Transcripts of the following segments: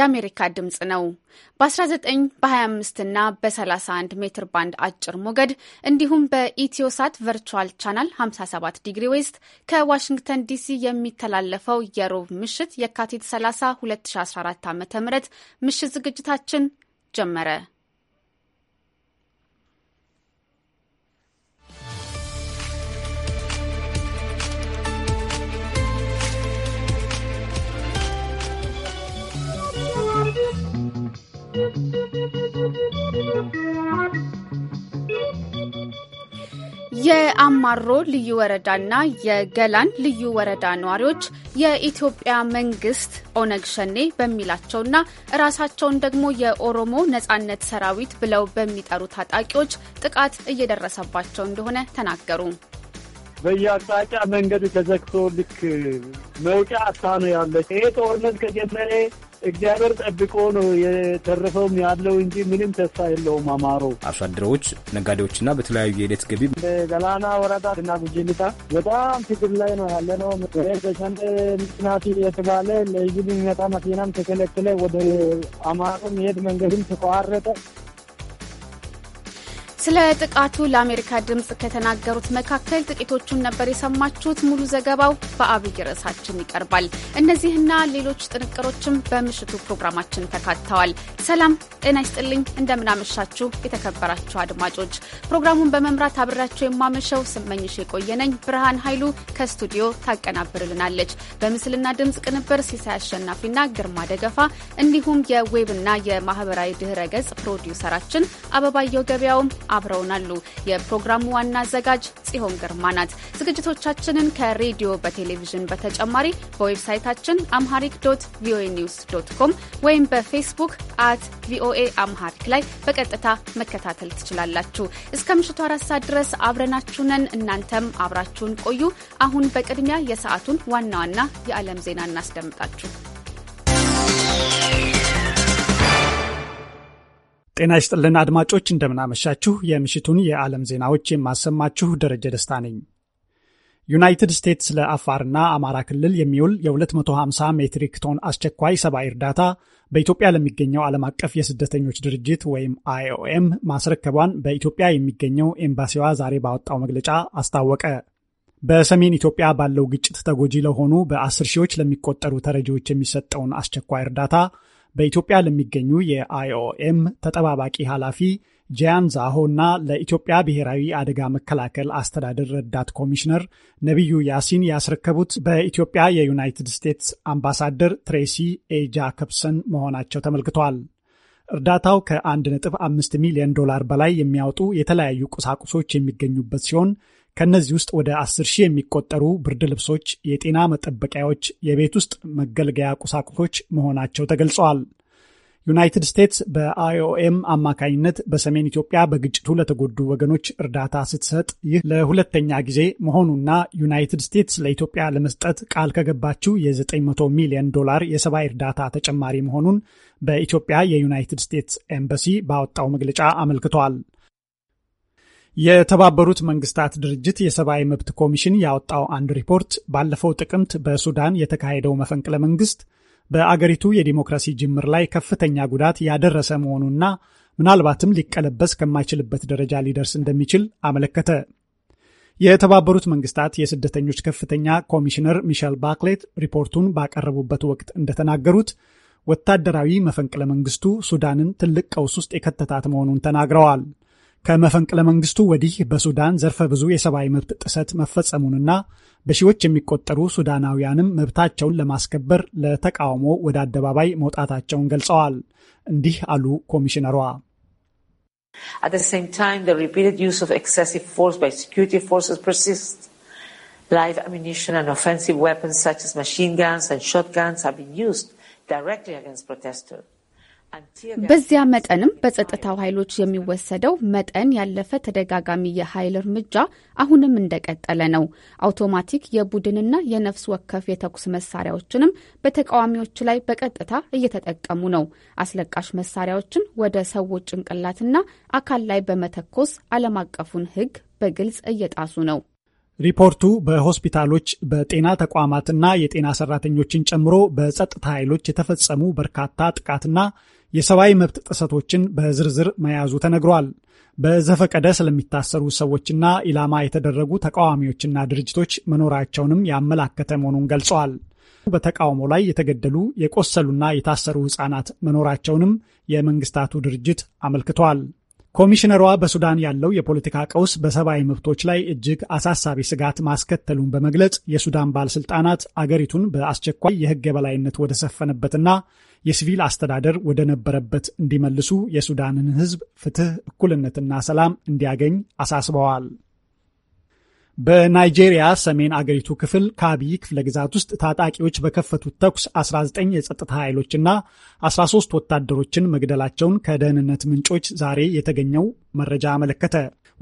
የአሜሪካ ድምፅ ነው። በ19 በ25 እና በ31 ሜትር ባንድ አጭር ሞገድ እንዲሁም በኢትዮሳት ቨርቹዋል ቻናል 57 ዲግሪ ዌስት ከዋሽንግተን ዲሲ የሚተላለፈው የሮብ ምሽት የካቲት 30 2014 ዓ ም ምሽት ዝግጅታችን ጀመረ። የአማሮ ልዩ ወረዳና የገላን ልዩ ወረዳ ነዋሪዎች የኢትዮጵያ መንግስት ኦነግ ሸኔ በሚላቸውና ራሳቸውን ደግሞ የኦሮሞ ነጻነት ሰራዊት ብለው በሚጠሩ ታጣቂዎች ጥቃት እየደረሰባቸው እንደሆነ ተናገሩ። በየአቅጣጫ መንገድ ተዘግቶ ልክ መውጫ አሳ ነው ያለች። ይሄ ጦርነት ከጀመረ እግዚአብሔር ጠብቆ ነው የተረፈውም ያለው እንጂ ምንም ተስፋ የለውም። አማሮ አርሶ አደሮች፣ ነጋዴዎችና በተለያዩ የዕለት ገቢ ገላና ወረዳ እና ጉጅልታ በጣም ችግር ላይ ነው ያለ ነው። ምክንያቱ የተባለ ለህዝብ የሚመጣ መኪናም ተከለክለ፣ ወደ አማሮ መሄድ መንገድም ተቋረጠ። ስለ ጥቃቱ ለአሜሪካ ድምፅ ከተናገሩት መካከል ጥቂቶቹን ነበር የሰማችሁት። ሙሉ ዘገባው በአብይ ርዕሳችን ይቀርባል። እነዚህና ሌሎች ጥንቅሮችም በምሽቱ ፕሮግራማችን ተካተዋል። ሰላም ጤና ይስጥልኝ፣ እንደምናመሻችሁ የተከበራችሁ አድማጮች። ፕሮግራሙን በመምራት አብሬያችሁ የማመሸው ስመኝሽ የቆየነኝ። ብርሃን ኃይሉ ከስቱዲዮ ታቀናብርልናለች። በምስልና ድምፅ ቅንብር ሲሳይ አሸናፊና ግርማ ደገፋ እንዲሁም የዌብና የማህበራዊ ድህረ ገጽ ፕሮዲውሰራችን አበባየው ገበያውም አብረውናሉ። የፕሮግራሙ ዋና አዘጋጅ ጽሆን ግርማ ናት። ዝግጅቶቻችንን ከሬዲዮ በቴሌቪዥን በተጨማሪ በዌብሳይታችን አምሃሪክ ዶት ቪኦኤ ኒውስ ዶት ኮም ወይም በፌስቡክ አት ቪኦኤ አምሃሪክ ላይ በቀጥታ መከታተል ትችላላችሁ። እስከ ምሽቱ አራት ሰዓት ድረስ አብረናችሁ እናንተም አብራችሁን ቆዩ። አሁን በቅድሚያ የሰዓቱን ዋና ዋና የዓለም ዜና እናስደምጣችሁ። ጤና ይስጥልን አድማጮች፣ እንደምናመሻችሁ። የምሽቱን የዓለም ዜናዎች የማሰማችሁ ደረጀ ደስታ ነኝ። ዩናይትድ ስቴትስ ለአፋርና አማራ ክልል የሚውል የ250 ሜትሪክ ቶን አስቸኳይ ሰብአዊ እርዳታ በኢትዮጵያ ለሚገኘው ዓለም አቀፍ የስደተኞች ድርጅት ወይም አይኦኤም ማስረከቧን በኢትዮጵያ የሚገኘው ኤምባሲዋ ዛሬ ባወጣው መግለጫ አስታወቀ። በሰሜን ኢትዮጵያ ባለው ግጭት ተጎጂ ለሆኑ በአስር ሺዎች ለሚቆጠሩ ተረጂዎች የሚሰጠውን አስቸኳይ እርዳታ በኢትዮጵያ ለሚገኙ የአይኦኤም ተጠባባቂ ኃላፊ ጃያን ዛሆ እና ለኢትዮጵያ ብሔራዊ አደጋ መከላከል አስተዳደር ረዳት ኮሚሽነር ነቢዩ ያሲን ያስረከቡት በኢትዮጵያ የዩናይትድ ስቴትስ አምባሳደር ትሬሲ ኤ ጃኮብሰን መሆናቸው ተመልክተዋል። እርዳታው ከ1.5 ሚሊዮን ዶላር በላይ የሚያወጡ የተለያዩ ቁሳቁሶች የሚገኙበት ሲሆን ከእነዚህ ውስጥ ወደ 10 ሺህ የሚቆጠሩ ብርድ ልብሶች፣ የጤና መጠበቂያዎች፣ የቤት ውስጥ መገልገያ ቁሳቁሶች መሆናቸው ተገልጸዋል። ዩናይትድ ስቴትስ በአይኦኤም አማካኝነት በሰሜን ኢትዮጵያ በግጭቱ ለተጎዱ ወገኖች እርዳታ ስትሰጥ ይህ ለሁለተኛ ጊዜ መሆኑና ዩናይትድ ስቴትስ ለኢትዮጵያ ለመስጠት ቃል ከገባችው የ900 ሚሊዮን ዶላር የሰብአዊ እርዳታ ተጨማሪ መሆኑን በኢትዮጵያ የዩናይትድ ስቴትስ ኤምባሲ ባወጣው መግለጫ አመልክቷል። የተባበሩት መንግስታት ድርጅት የሰብአዊ መብት ኮሚሽን ያወጣው አንድ ሪፖርት ባለፈው ጥቅምት በሱዳን የተካሄደው መፈንቅለ መንግስት በአገሪቱ የዲሞክራሲ ጅምር ላይ ከፍተኛ ጉዳት ያደረሰ መሆኑና ምናልባትም ሊቀለበስ ከማይችልበት ደረጃ ሊደርስ እንደሚችል አመለከተ። የተባበሩት መንግስታት የስደተኞች ከፍተኛ ኮሚሽነር ሚሸል ባክሌት ሪፖርቱን ባቀረቡበት ወቅት እንደተናገሩት ወታደራዊ መፈንቅለ መንግስቱ ሱዳንን ትልቅ ቀውስ ውስጥ የከተታት መሆኑን ተናግረዋል። ከመፈንቅለ መንግስቱ ወዲህ በሱዳን ዘርፈ ብዙ የሰብአዊ መብት ጥሰት መፈጸሙንና በሺዎች የሚቆጠሩ ሱዳናውያንም መብታቸውን ለማስከበር ለተቃውሞ ወደ አደባባይ መውጣታቸውን ገልጸዋል። እንዲህ አሉ ኮሚሽነሯ። At the same time, the repeated use of excessive force by security forces persists. Live ammunition and offensive weapons such as machine guns and shotguns have been used directly against protesters. በዚያ መጠንም በጸጥታው ኃይሎች የሚወሰደው መጠን ያለፈ ተደጋጋሚ የኃይል እርምጃ አሁንም እንደቀጠለ ነው። አውቶማቲክ የቡድንና የነፍስ ወከፍ የተኩስ መሳሪያዎችንም በተቃዋሚዎች ላይ በቀጥታ እየተጠቀሙ ነው። አስለቃሽ መሳሪያዎችን ወደ ሰዎች ጭንቅላትና አካል ላይ በመተኮስ ዓለም አቀፉን ሕግ በግልጽ እየጣሱ ነው። ሪፖርቱ በሆስፒታሎች በጤና ተቋማትና የጤና ሰራተኞችን ጨምሮ በጸጥታ ኃይሎች የተፈጸሙ በርካታ ጥቃትና የሰብአዊ መብት ጥሰቶችን በዝርዝር መያዙ ተነግሯል። በዘፈቀደ ስለሚታሰሩ ሰዎችና ኢላማ የተደረጉ ተቃዋሚዎችና ድርጅቶች መኖራቸውንም ያመላከተ መሆኑን ገልጸዋል። በተቃውሞ ላይ የተገደሉ የቆሰሉና የታሰሩ ሕፃናት መኖራቸውንም የመንግስታቱ ድርጅት አመልክቷል። ኮሚሽነሯ በሱዳን ያለው የፖለቲካ ቀውስ በሰብአዊ መብቶች ላይ እጅግ አሳሳቢ ስጋት ማስከተሉን በመግለጽ የሱዳን ባለስልጣናት አገሪቱን በአስቸኳይ የህግ የበላይነት ወደ ሰፈነበትና የሲቪል አስተዳደር ወደ ነበረበት እንዲመልሱ የሱዳንን ህዝብ ፍትህ፣ እኩልነትና ሰላም እንዲያገኝ አሳስበዋል። በናይጄሪያ ሰሜን አገሪቱ ክፍል ካቢ ክፍለ ግዛት ውስጥ ታጣቂዎች በከፈቱት ተኩስ 19 የጸጥታ ኃይሎችና 13 ወታደሮችን መግደላቸውን ከደህንነት ምንጮች ዛሬ የተገኘው መረጃ አመለከተ።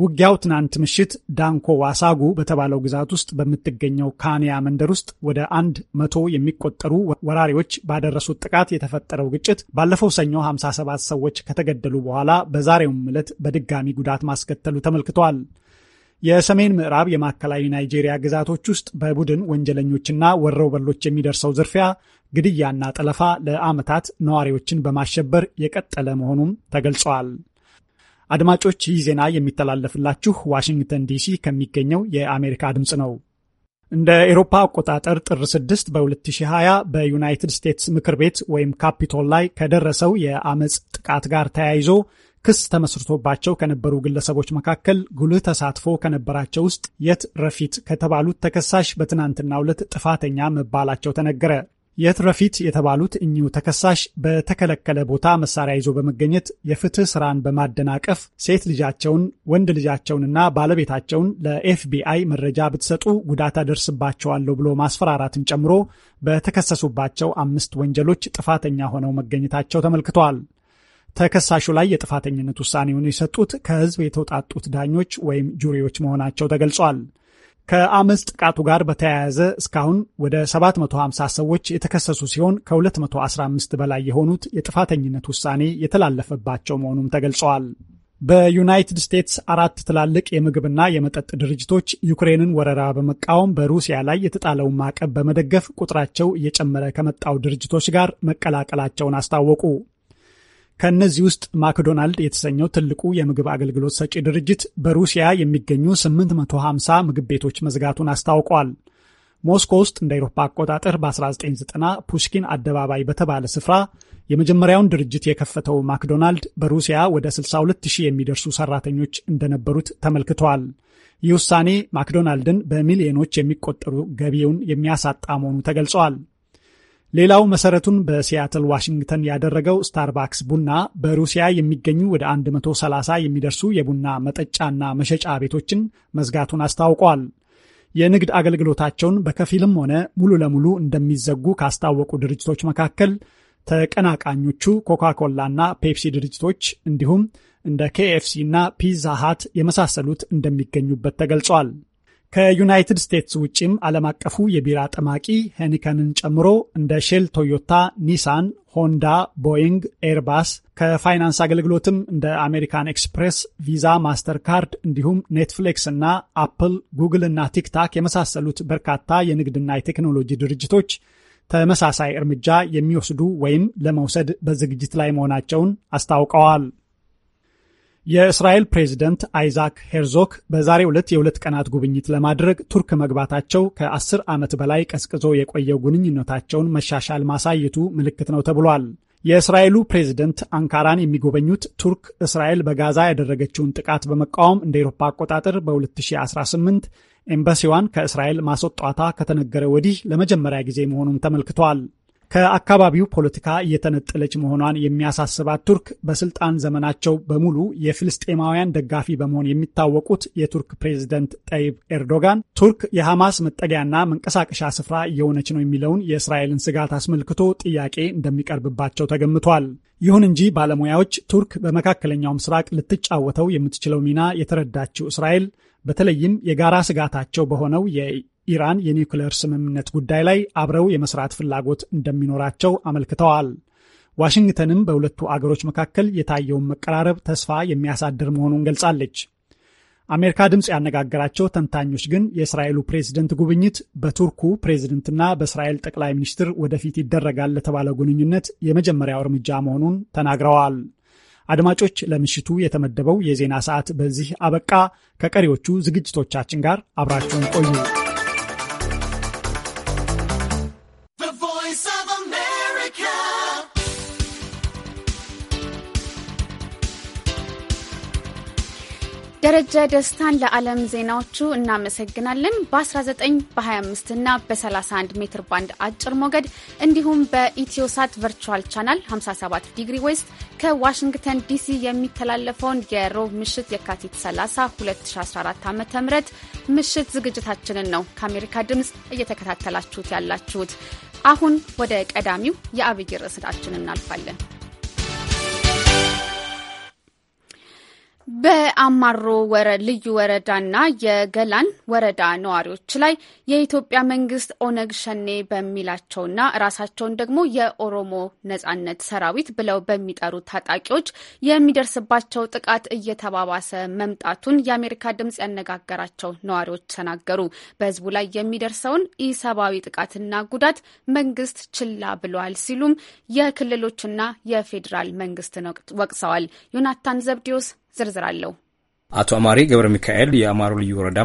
ውጊያው ትናንት ምሽት ዳንኮ ዋሳጉ በተባለው ግዛት ውስጥ በምትገኘው ካንያ መንደር ውስጥ ወደ አንድ መቶ የሚቆጠሩ ወራሪዎች ባደረሱት ጥቃት የተፈጠረው ግጭት ባለፈው ሰኞ 57 ሰዎች ከተገደሉ በኋላ በዛሬውም ዕለት በድጋሚ ጉዳት ማስከተሉ ተመልክቷል። የሰሜን ምዕራብ የማዕከላዊ ናይጄሪያ ግዛቶች ውስጥ በቡድን ወንጀለኞችና በሎች የሚደርሰው ዝርፊያ፣ ግድያና ጠለፋ ለዓመታት ነዋሪዎችን በማሸበር የቀጠለ መሆኑም ተገልጸዋል። አድማጮች ይህ ዜና የሚተላለፍላችሁ ዋሽንግተን ዲሲ ከሚገኘው የአሜሪካ ድምፅ ነው። እንደ ኤሮፓ አቆጣጠር ጥር 6 በ2020 በዩናይትድ ስቴትስ ምክር ቤት ወይም ካፒቶል ላይ ከደረሰው የአመፅ ጥቃት ጋር ተያይዞ ክስ ተመስርቶባቸው ከነበሩ ግለሰቦች መካከል ጉልህ ተሳትፎ ከነበራቸው ውስጥ የት ረፊት ከተባሉት ተከሳሽ በትናንትናው ዕለት ጥፋተኛ መባላቸው ተነገረ። የት ረፊት የተባሉት እኚሁ ተከሳሽ በተከለከለ ቦታ መሳሪያ ይዞ በመገኘት የፍትህ ስራን በማደናቀፍ ሴት ልጃቸውን፣ ወንድ ልጃቸውንና ባለቤታቸውን ለኤፍቢአይ መረጃ ብትሰጡ ጉዳት አደርስባቸዋለሁ ብሎ ማስፈራራትን ጨምሮ በተከሰሱባቸው አምስት ወንጀሎች ጥፋተኛ ሆነው መገኘታቸው ተመልክተዋል። ተከሳሹ ላይ የጥፋተኝነት ውሳኔውን የሰጡት ከህዝብ የተውጣጡት ዳኞች ወይም ጁሪዎች መሆናቸው ተገልጿል። ከአመፅ ጥቃቱ ጋር በተያያዘ እስካሁን ወደ 750 ሰዎች የተከሰሱ ሲሆን ከ215 በላይ የሆኑት የጥፋተኝነት ውሳኔ የተላለፈባቸው መሆኑም ተገልጸዋል። በዩናይትድ ስቴትስ አራት ትላልቅ የምግብና የመጠጥ ድርጅቶች ዩክሬንን ወረራ በመቃወም በሩሲያ ላይ የተጣለውን ማዕቀብ በመደገፍ ቁጥራቸው እየጨመረ ከመጣው ድርጅቶች ጋር መቀላቀላቸውን አስታወቁ። ከእነዚህ ውስጥ ማክዶናልድ የተሰኘው ትልቁ የምግብ አገልግሎት ሰጪ ድርጅት በሩሲያ የሚገኙ 850 ምግብ ቤቶች መዝጋቱን አስታውቋል። ሞስኮ ውስጥ እንደ አውሮፓ አቆጣጠር በ1990 ፑሽኪን አደባባይ በተባለ ስፍራ የመጀመሪያውን ድርጅት የከፈተው ማክዶናልድ በሩሲያ ወደ 62000 የሚደርሱ ሰራተኞች እንደነበሩት ተመልክቷል። ይህ ውሳኔ ማክዶናልድን በሚሊዮኖች የሚቆጠሩ ገቢውን የሚያሳጣ መሆኑ ተገልጿል። ሌላው መሰረቱን በሲያትል ዋሽንግተን ያደረገው ስታርባክስ ቡና በሩሲያ የሚገኙ ወደ 130 የሚደርሱ የቡና መጠጫና መሸጫ ቤቶችን መዝጋቱን አስታውቋል። የንግድ አገልግሎታቸውን በከፊልም ሆነ ሙሉ ለሙሉ እንደሚዘጉ ካስታወቁ ድርጅቶች መካከል ተቀናቃኞቹ ኮካኮላና ፔፕሲ ድርጅቶች እንዲሁም እንደ ኬኤፍሲ እና ፒዛ ሃት የመሳሰሉት እንደሚገኙበት ተገልጿል። ከዩናይትድ ስቴትስ ውጪም ዓለም አቀፉ የቢራ ጠማቂ ሄኒከንን ጨምሮ እንደ ሼል፣ ቶዮታ፣ ኒሳን፣ ሆንዳ፣ ቦይንግ፣ ኤርባስ ከፋይናንስ አገልግሎትም እንደ አሜሪካን ኤክስፕሬስ፣ ቪዛ፣ ማስተር ካርድ እንዲሁም ኔትፍሊክስ እና አፕል፣ ጉግል እና ቲክታክ የመሳሰሉት በርካታ የንግድና የቴክኖሎጂ ድርጅቶች ተመሳሳይ እርምጃ የሚወስዱ ወይም ለመውሰድ በዝግጅት ላይ መሆናቸውን አስታውቀዋል። የእስራኤል ፕሬዝደንት አይዛክ ሄርዞክ በዛሬው ዕለት የሁለት ቀናት ጉብኝት ለማድረግ ቱርክ መግባታቸው ከአስር ዓመት በላይ ቀዝቅዞ የቆየው ግንኙነታቸውን መሻሻል ማሳየቱ ምልክት ነው ተብሏል። የእስራኤሉ ፕሬዚደንት አንካራን የሚጎበኙት ቱርክ እስራኤል በጋዛ ያደረገችውን ጥቃት በመቃወም እንደ ኤሮፓ አቆጣጠር በ2018 ኤምባሲዋን ከእስራኤል ማስወጣቷ ከተነገረ ወዲህ ለመጀመሪያ ጊዜ መሆኑም ተመልክቷል። ከአካባቢው ፖለቲካ እየተነጠለች መሆኗን የሚያሳስባት ቱርክ በስልጣን ዘመናቸው በሙሉ የፍልስጤማውያን ደጋፊ በመሆን የሚታወቁት የቱርክ ፕሬዝደንት ጠይብ ኤርዶጋን ቱርክ የሐማስ መጠጊያና መንቀሳቀሻ ስፍራ እየሆነች ነው የሚለውን የእስራኤልን ስጋት አስመልክቶ ጥያቄ እንደሚቀርብባቸው ተገምቷል። ይሁን እንጂ ባለሙያዎች ቱርክ በመካከለኛው ምስራቅ ልትጫወተው የምትችለው ሚና የተረዳችው እስራኤል በተለይም የጋራ ስጋታቸው በሆነው ኢራን የኒውክሌር ስምምነት ጉዳይ ላይ አብረው የመስራት ፍላጎት እንደሚኖራቸው አመልክተዋል። ዋሽንግተንም በሁለቱ አገሮች መካከል የታየውን መቀራረብ ተስፋ የሚያሳድር መሆኑን ገልጻለች። አሜሪካ ድምፅ ያነጋገራቸው ተንታኞች ግን የእስራኤሉ ፕሬዝደንት ጉብኝት በቱርኩ ፕሬዝደንትና በእስራኤል ጠቅላይ ሚኒስትር ወደፊት ይደረጋል ለተባለው ግንኙነት የመጀመሪያው እርምጃ መሆኑን ተናግረዋል። አድማጮች፣ ለምሽቱ የተመደበው የዜና ሰዓት በዚህ አበቃ። ከቀሪዎቹ ዝግጅቶቻችን ጋር አብራችሁን ቆዩ። ደረጀ ደስታን ለዓለም ዜናዎቹ እናመሰግናለን። በ19 በ25 እና በ31 ሜትር ባንድ አጭር ሞገድ እንዲሁም በኢትዮሳት ቨርቹዋል ቻናል 57 ዲግሪ ዌስት ከዋሽንግተን ዲሲ የሚተላለፈውን የሮብ ምሽት የካቲት 30 2014 ዓ ም ምሽት ዝግጅታችንን ነው ከአሜሪካ ድምፅ እየተከታተላችሁት ያላችሁት። አሁን ወደ ቀዳሚው የአብይ ርዕሳችን እናልፋለን። በአማሮ ልዩ ወረዳና የገላን ወረዳ ነዋሪዎች ላይ የኢትዮጵያ መንግስት ኦነግ ሸኔ በሚላቸውና ራሳቸውን ደግሞ የኦሮሞ ነጻነት ሰራዊት ብለው በሚጠሩ ታጣቂዎች የሚደርስባቸው ጥቃት እየተባባሰ መምጣቱን የአሜሪካ ድምጽ ያነጋገራቸው ነዋሪዎች ተናገሩ። በህዝቡ ላይ የሚደርሰውን ኢሰብአዊ ጥቃትና ጉዳት መንግስት ችላ ብለዋል ሲሉም የክልሎችና የፌዴራል መንግስትን ወቅሰዋል። ዮናታን ዘብዲዮስ ዝርዝር አለው። አቶ አማሬ ገብረ ሚካኤል የአማሮ ልዩ ወረዳ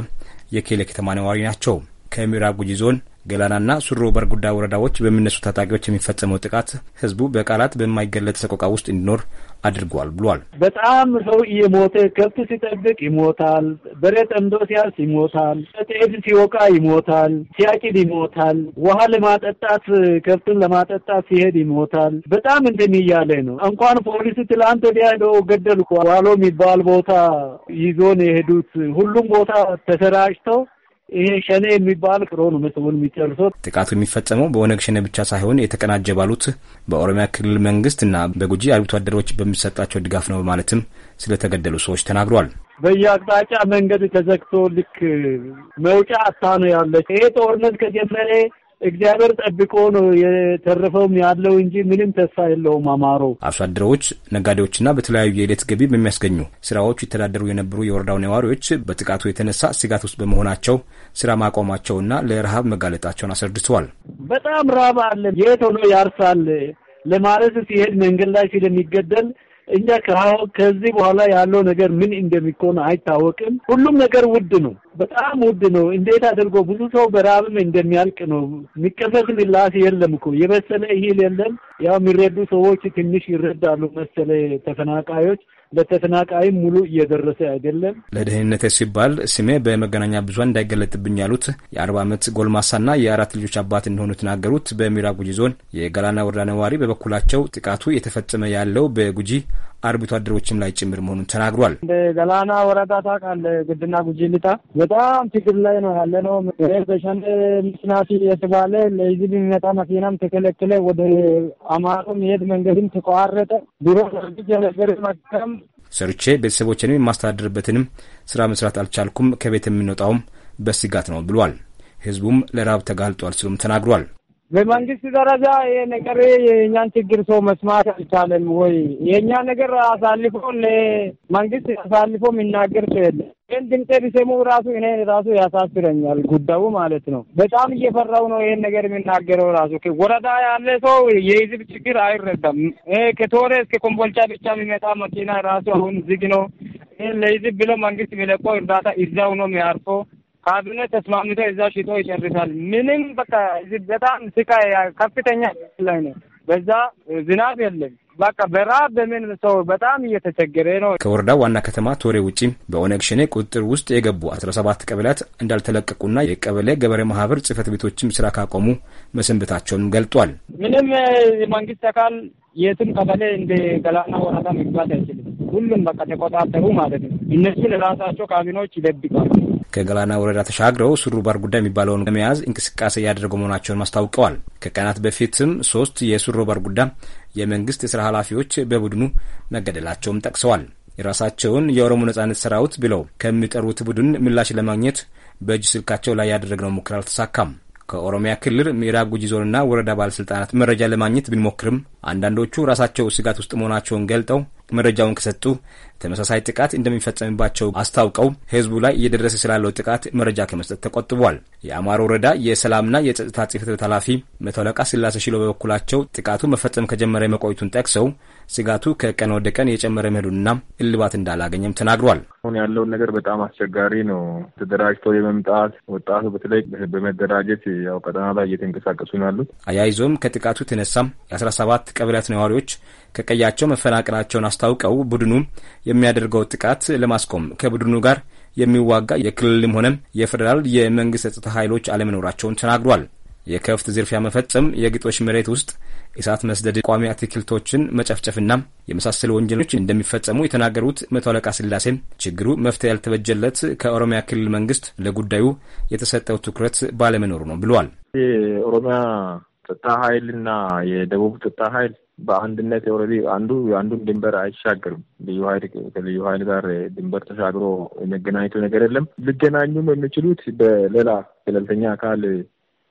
የኬሌ ከተማ ነዋሪ ናቸው። ከምዕራብ ጉጂ ዞን ገላናና ሱሮ በርጉዳ ወረዳዎች በሚነሱ ታጣቂዎች የሚፈጸመው ጥቃት ህዝቡ በቃላት በማይገለጥ ሰቆቃ ውስጥ እንዲኖር አድርጓል ብሏል። በጣም ሰው እየሞተ ከብት ሲጠብቅ ይሞታል፣ በሬ ጠምዶ ሲያርስ ይሞታል፣ ጤፍ ሲወቃ ይሞታል፣ ሲያጭድ ይሞታል፣ ውሃ ለማጠጣት ከብትን ለማጠጣት ሲሄድ ይሞታል። በጣም እንትን እያለ ነው። እንኳን ፖሊስ ትላንት ወዲያ ሄዶ ገደልኩ ዋሎ የሚባል ቦታ ይዞን የሄዱት ሁሉም ቦታ ተሰራጭተው ይሄ ሸኔ የሚባል ክሮ ነው መሰቡን የሚጨርሱት። ጥቃቱ የሚፈጸመው በኦነግ ሸኔ ብቻ ሳይሆን የተቀናጀ ባሉት በኦሮሚያ ክልል መንግስትና በጉጂ አርብቶ አደሮች በሚሰጣቸው ድጋፍ ነው በማለትም ስለተገደሉ ሰዎች ተናግሯል። በየአቅጣጫ መንገድ ተዘግቶ ልክ መውጫ አታ ነው ያለች። ይሄ ጦርነት ከጀመረ እግዚአብሔር ጠብቆ ነው የተረፈውም ያለው እንጂ ምንም ተስፋ የለውም። አማሮ አርሶ አደሮች፣ ነጋዴዎችና በተለያዩ የዕለት ገቢ በሚያስገኙ ስራዎች ይተዳደሩ የነበሩ የወረዳው ነዋሪዎች በጥቃቱ የተነሳ ስጋት ውስጥ በመሆናቸው ስራ ማቆማቸውና ለረሃብ መጋለጣቸውን አስረድተዋል። በጣም ረሃብ አለ። የት ሆኖ ያርሳል ለማለት ሲሄድ መንገድ ላይ ስለሚገደል እኛ ከዚህ በኋላ ያለው ነገር ምን እንደሚኮን አይታወቅም። ሁሉም ነገር ውድ ነው፣ በጣም ውድ ነው። እንዴት አድርጎ ብዙ ሰው በረሃብም እንደሚያልቅ ነው። የሚቀመስ ሚላስ የለም እኮ የበሰለ እህል የለም። ያው የሚረዱ ሰዎች ትንሽ ይረዳሉ መሰለ ተፈናቃዮች ለተፈናቃይ ሙሉ እየደረሰ አይደለም። ለደህንነት ሲባል ስሜ በመገናኛ ብዙኃን እንዳይገለጥብኝ ያሉት የአርባ ዓመት ጎልማሳና የአራት ልጆች አባት እንደሆኑ የተናገሩት በምዕራብ ጉጂ ዞን የገላና ወረዳ ነዋሪ በበኩላቸው ጥቃቱ የተፈጸመ ያለው በጉጂ አርብቶ አደሮችም ላይ ጭምር መሆኑን ተናግሯል። እንደ ገላና ወረዳ ታውቃለህ፣ ግድና ጉጂልታ በጣም ችግር ላይ ነው ያለ ነው። በሸንደ ምክንያት የተባለ ለህዝብ የሚመጣ መኪናም ተከለከለ። ወደ አማሮ መሄድ መንገድም ተቋረጠ። ቢሮ ርግጅ የነገር መከም ሰርቼ ቤተሰቦችንም የማስተዳደርበትንም ስራ መስራት አልቻልኩም። ከቤት የሚወጣውም በስጋት ነው ብሏል። ህዝቡም ለራብ ተጋልጧል ሲሉም ተናግሯል። በመንግስት ደረጃ ይሄ ነገር የእኛን ችግር ሰው መስማት አልቻለም ወይ? የእኛ ነገር አሳልፎ ለመንግስት አሳልፎ የሚናገር ሰው የለም። ይህን ድምጤ ቢሰሙ ራሱ እኔ ራሱ ያሳስረኛል ጉዳዩ ማለት ነው። በጣም እየፈራው ነው ይህን ነገር የሚናገረው ራሱ። ወረዳ ያለ ሰው የህዝብ ችግር አይረዳም። ከቶሬ እስከ ኮምቦልቻ ብቻ የሚመጣ መኪና ራሱ አሁን ዝግ ነው። ለህዝብ ብሎ መንግስት የሚለቀው እርዳታ እዛው ነው የሚያርፈው። ካቢኔ ተስማምተ እዛ ሽጦ ይጨርሳል። ምንም በቃ እዚህ በጣም ስቃይ ከፍተኛ ላይ ነው። በዛ ዝናብ የለም። በቃ በራ በምን ሰው በጣም እየተቸገረ ነው። ከወረዳው ዋና ከተማ ቶሬ ውጪ በኦነግ ሸኔ ቁጥጥር ውስጥ የገቡ 17 ቀበሌያት እንዳልተለቀቁና የቀበሌ ገበሬ ማህበር ጽህፈት ቤቶችም ስራ ካቆሙ መሰንበታቸውንም ገልጧል። ምንም የመንግስት አካል የትም ቀበሌ እንደ ገላና ወረዳ መግባት አይችልም። ሁሉም በቃ ተቆጣጠሩ ማለት ነው። እነሱ ለራሳቸው ካቢኖች ይደብቃሉ። ከገላና ወረዳ ተሻግረው ሱሩ ባር ጉዳይ የሚባለውን ለመያዝ እንቅስቃሴ እያደረጉ መሆናቸውን አስታውቀዋል። ከቀናት በፊትም ሶስት የሱሩ ባር ጉዳይ የመንግስት የስራ ኃላፊዎች በቡድኑ መገደላቸውም ጠቅሰዋል። የራሳቸውን የኦሮሞ ነጻነት ሰራዊት ብለው ከሚጠሩት ቡድን ምላሽ ለማግኘት በእጅ ስልካቸው ላይ ያደረግነው ሙከራ አልተሳካም። ከኦሮሚያ ክልል ምዕራብ ጉጂ ዞንና ወረዳ ባለስልጣናት መረጃ ለማግኘት ብንሞክርም አንዳንዶቹ ራሳቸው ስጋት ውስጥ መሆናቸውን ገልጠው መረጃውን ከሰጡ ተመሳሳይ ጥቃት እንደሚፈጸምባቸው አስታውቀው ህዝቡ ላይ እየደረሰ ስላለው ጥቃት መረጃ ከመስጠት ተቆጥቧል። የአማሮ ወረዳ የሰላምና የጸጥታ ጽሕፈት ቤት ኃላፊ መቶ አለቃ ስላሴ ሽሎ በበኩላቸው ጥቃቱ መፈጸም ከጀመረ መቆይቱን ጠቅሰው ስጋቱ ከቀን ወደ ቀን የጨመረ መሄዱንና እልባት እንዳላገኘም ተናግሯል። አሁን ያለውን ነገር በጣም አስቸጋሪ ነው። ተደራጅቶ የመምጣት ወጣቱ በተለይ በመደራጀት ያው ቀጠና ላይ እየተንቀሳቀሱ ያሉት አያይዞም ከጥቃቱ የተነሳም የአስራ ሰባት ቀበሌያት ነዋሪዎች ከቀያቸው መፈናቀላቸውን አስታውቀው ቡድኑ የሚያደርገው ጥቃት ለማስቆም ከቡድኑ ጋር የሚዋጋ የክልልም ሆነ የፌዴራል የመንግስት ጸጥታ ኃይሎች አለመኖራቸውን ተናግሯል። የከብት ዝርፊያ መፈጸም፣ የግጦሽ መሬት ውስጥ እሳት መስደድ፣ ቋሚ አትክልቶችን መጨፍጨፍና የመሳሰሉ ወንጀሎች እንደሚፈጸሙ የተናገሩት መቶ አለቃ ስላሴ ችግሩ መፍትሄ ያልተበጀለት ከኦሮሚያ ክልል መንግስት ለጉዳዩ የተሰጠው ትኩረት ባለመኖሩ ነው ብሏል። የኦሮሚያ ጸጥታ ኃይልና የደቡብ ጸጥታ ኃይል በአንድነት ኦልሬዲ አንዱ አንዱን ድንበር አይሻገርም። ልዩ ኃይል ከልዩ ኃይል ጋር ድንበር ተሻግሮ የመገናኘቱ ነገር የለም። ሊገናኙም የሚችሉት በሌላ ገለልተኛ አካል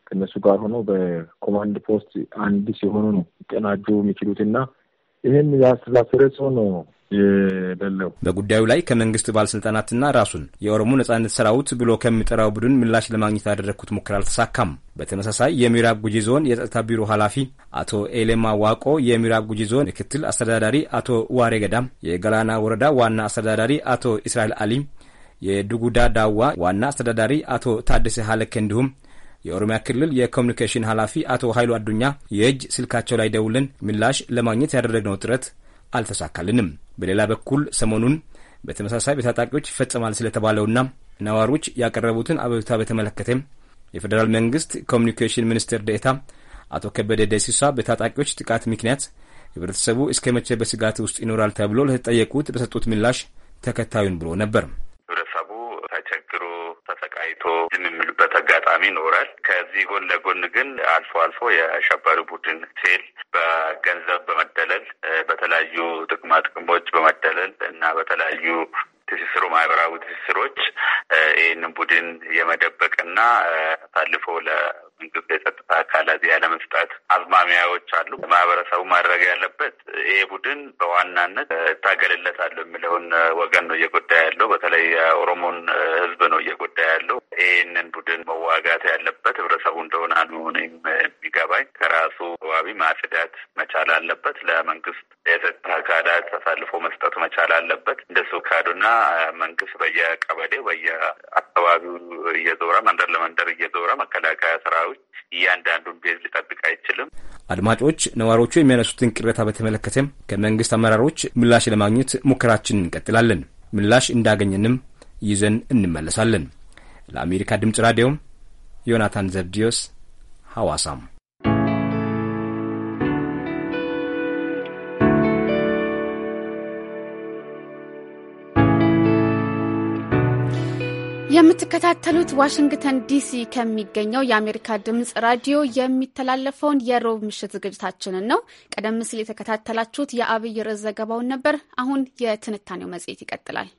ከነሱ ጋር ሆኖ በኮማንድ ፖስት አንድ ሲሆኑ ነው ሊቀናጁ የሚችሉት እና ይህን ያስተሳሰረ ሰው ነው የሌለው። በጉዳዩ ላይ ከመንግስት ባለስልጣናትና ራሱን የኦሮሞ ነጻነት ሰራዊት ብሎ ከሚጠራው ቡድን ምላሽ ለማግኘት ያደረግኩት ሙከራ አልተሳካም። በተመሳሳይ የምዕራብ ጉጂ ዞን የጸጥታ ቢሮ ኃላፊ አቶ ኤሌማ ዋቆ፣ የምዕራብ ጉጂ ዞን ምክትል አስተዳዳሪ አቶ ዋሬ ገዳም፣ የገላና ወረዳ ዋና አስተዳዳሪ አቶ እስራኤል አሊም፣ የዱጉዳ ዳዋ ዋና አስተዳዳሪ አቶ ታደሰ ሀለከ እንዲሁም የኦሮሚያ ክልል የኮሚኒኬሽን ኃላፊ አቶ ኃይሉ አዱኛ የእጅ ስልካቸው ላይ ደውልን ምላሽ ለማግኘት ያደረግነው ጥረት አልተሳካልንም። በሌላ በኩል ሰሞኑን በተመሳሳይ በታጣቂዎች ይፈጸማል ስለተባለውና ነዋሪዎች ያቀረቡትን አቤቱታ በተመለከተ የፌዴራል መንግስት ኮሚኒኬሽን ሚኒስቴር ዴኤታ አቶ ከበደ ደሲሳ በታጣቂዎች ጥቃት ምክንያት ህብረተሰቡ እስከ መቼ በስጋት ውስጥ ይኖራል ተብሎ ለተጠየቁት በሰጡት ምላሽ ተከታዩን ብሎ ነበር። አጋጣሚ ይኖራል። ከዚህ ጎን ለጎን ግን አልፎ አልፎ የአሸባሪ ቡድን ሴል በገንዘብ በመደለል በተለያዩ ጥቅማ ጥቅሞች በመደለል እና በተለያዩ ትስስሩ ማህበራዊ ትስስሮች ይህንን ቡድን የመደበቅና አሳልፎ ኢትዮጵያ የጸጥታ አካላት ያለመስጣት አዝማሚያዎች አሉ። ማህበረሰቡ ማድረግ ያለበት ይሄ ቡድን በዋናነት እታገልለታለሁ የሚለውን ወገን ነው እየጎዳ ያለው። በተለይ የኦሮሞን ህዝብ ነው እየጎዳ ያለው። ይህንን ቡድን መዋጋት ያለበት ህብረተሰቡ እንደሆነ መሆኔም የሚገባኝ ከራሱ ዋቢ ማጽዳት መቻል አለበት። ለመንግስት የጸጥታ አካላት ተሳልፎ መስጠት መቻል አለበት። እንደሱ ካዱና መንግስት በየቀበሌው በየአካባቢው እየዞረ መንደር ለመንደር እየዞረ መከላከያ ሰራዊት ባለሙያዎች እያንዳንዱን ቤዝ ሊጠብቅ አይችልም። አድማጮች ነዋሪዎቹ የሚያነሱትን ቅሬታ በተመለከተም ከመንግስት አመራሮች ምላሽ ለማግኘት ሙከራችን እንቀጥላለን። ምላሽ እንዳገኘንም ይዘን እንመለሳለን። ለአሜሪካ ድምጽ ራዲዮም ዮናታን ዘብዲዮስ ሐዋሳም የምትከታተሉት ዋሽንግተን ዲሲ ከሚገኘው የአሜሪካ ድምፅ ራዲዮ የሚተላለፈውን የሮብ ምሽት ዝግጅታችንን ነው። ቀደም ሲል የተከታተላችሁት የአብይ ርዕስ ዘገባውን ነበር። አሁን የትንታኔው መጽሔት ይቀጥላል።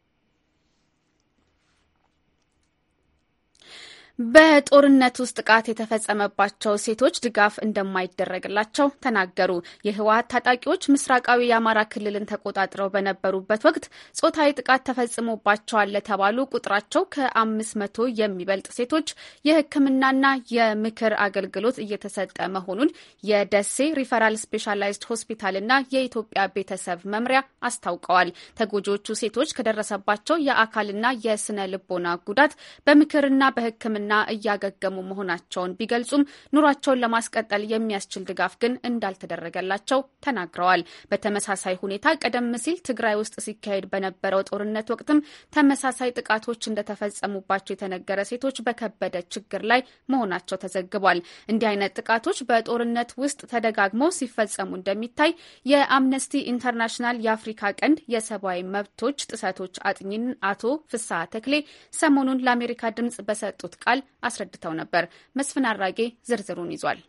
በጦርነት ውስጥ ጥቃት የተፈጸመባቸው ሴቶች ድጋፍ እንደማይደረግላቸው ተናገሩ። የህወሀት ታጣቂዎች ምስራቃዊ የአማራ ክልልን ተቆጣጥረው በነበሩበት ወቅት ጾታዊ ጥቃት ተፈጽሞባቸዋል ለተባሉ ቁጥራቸው ከአምስት መቶ የሚበልጥ ሴቶች የሕክምናና የምክር አገልግሎት እየተሰጠ መሆኑን የደሴ ሪፈራል ስፔሻላይዝድ ሆስፒታልና የኢትዮጵያ ቤተሰብ መምሪያ አስታውቀዋል። ተጎጂዎቹ ሴቶች ከደረሰባቸው የአካልና የስነ ልቦና ጉዳት በምክርና በሕክምና እና እያገገሙ መሆናቸውን ቢገልጹም ኑሯቸውን ለማስቀጠል የሚያስችል ድጋፍ ግን እንዳልተደረገላቸው ተናግረዋል። በተመሳሳይ ሁኔታ ቀደም ሲል ትግራይ ውስጥ ሲካሄድ በነበረው ጦርነት ወቅትም ተመሳሳይ ጥቃቶች እንደተፈጸሙባቸው የተነገረ ሴቶች በከበደ ችግር ላይ መሆናቸው ተዘግቧል። እንዲህ አይነት ጥቃቶች በጦርነት ውስጥ ተደጋግሞ ሲፈጸሙ እንደሚታይ የአምነስቲ ኢንተርናሽናል የአፍሪካ ቀንድ የሰብአዊ መብቶች ጥሰቶች አጥኚን አቶ ፍስሐ ተክሌ ሰሞኑን ለአሜሪካ ድምጽ በሰጡት ቃል ቃል አስረድተው ነበር። መስፍን አራጌ ዝርዝሩን ይዟል።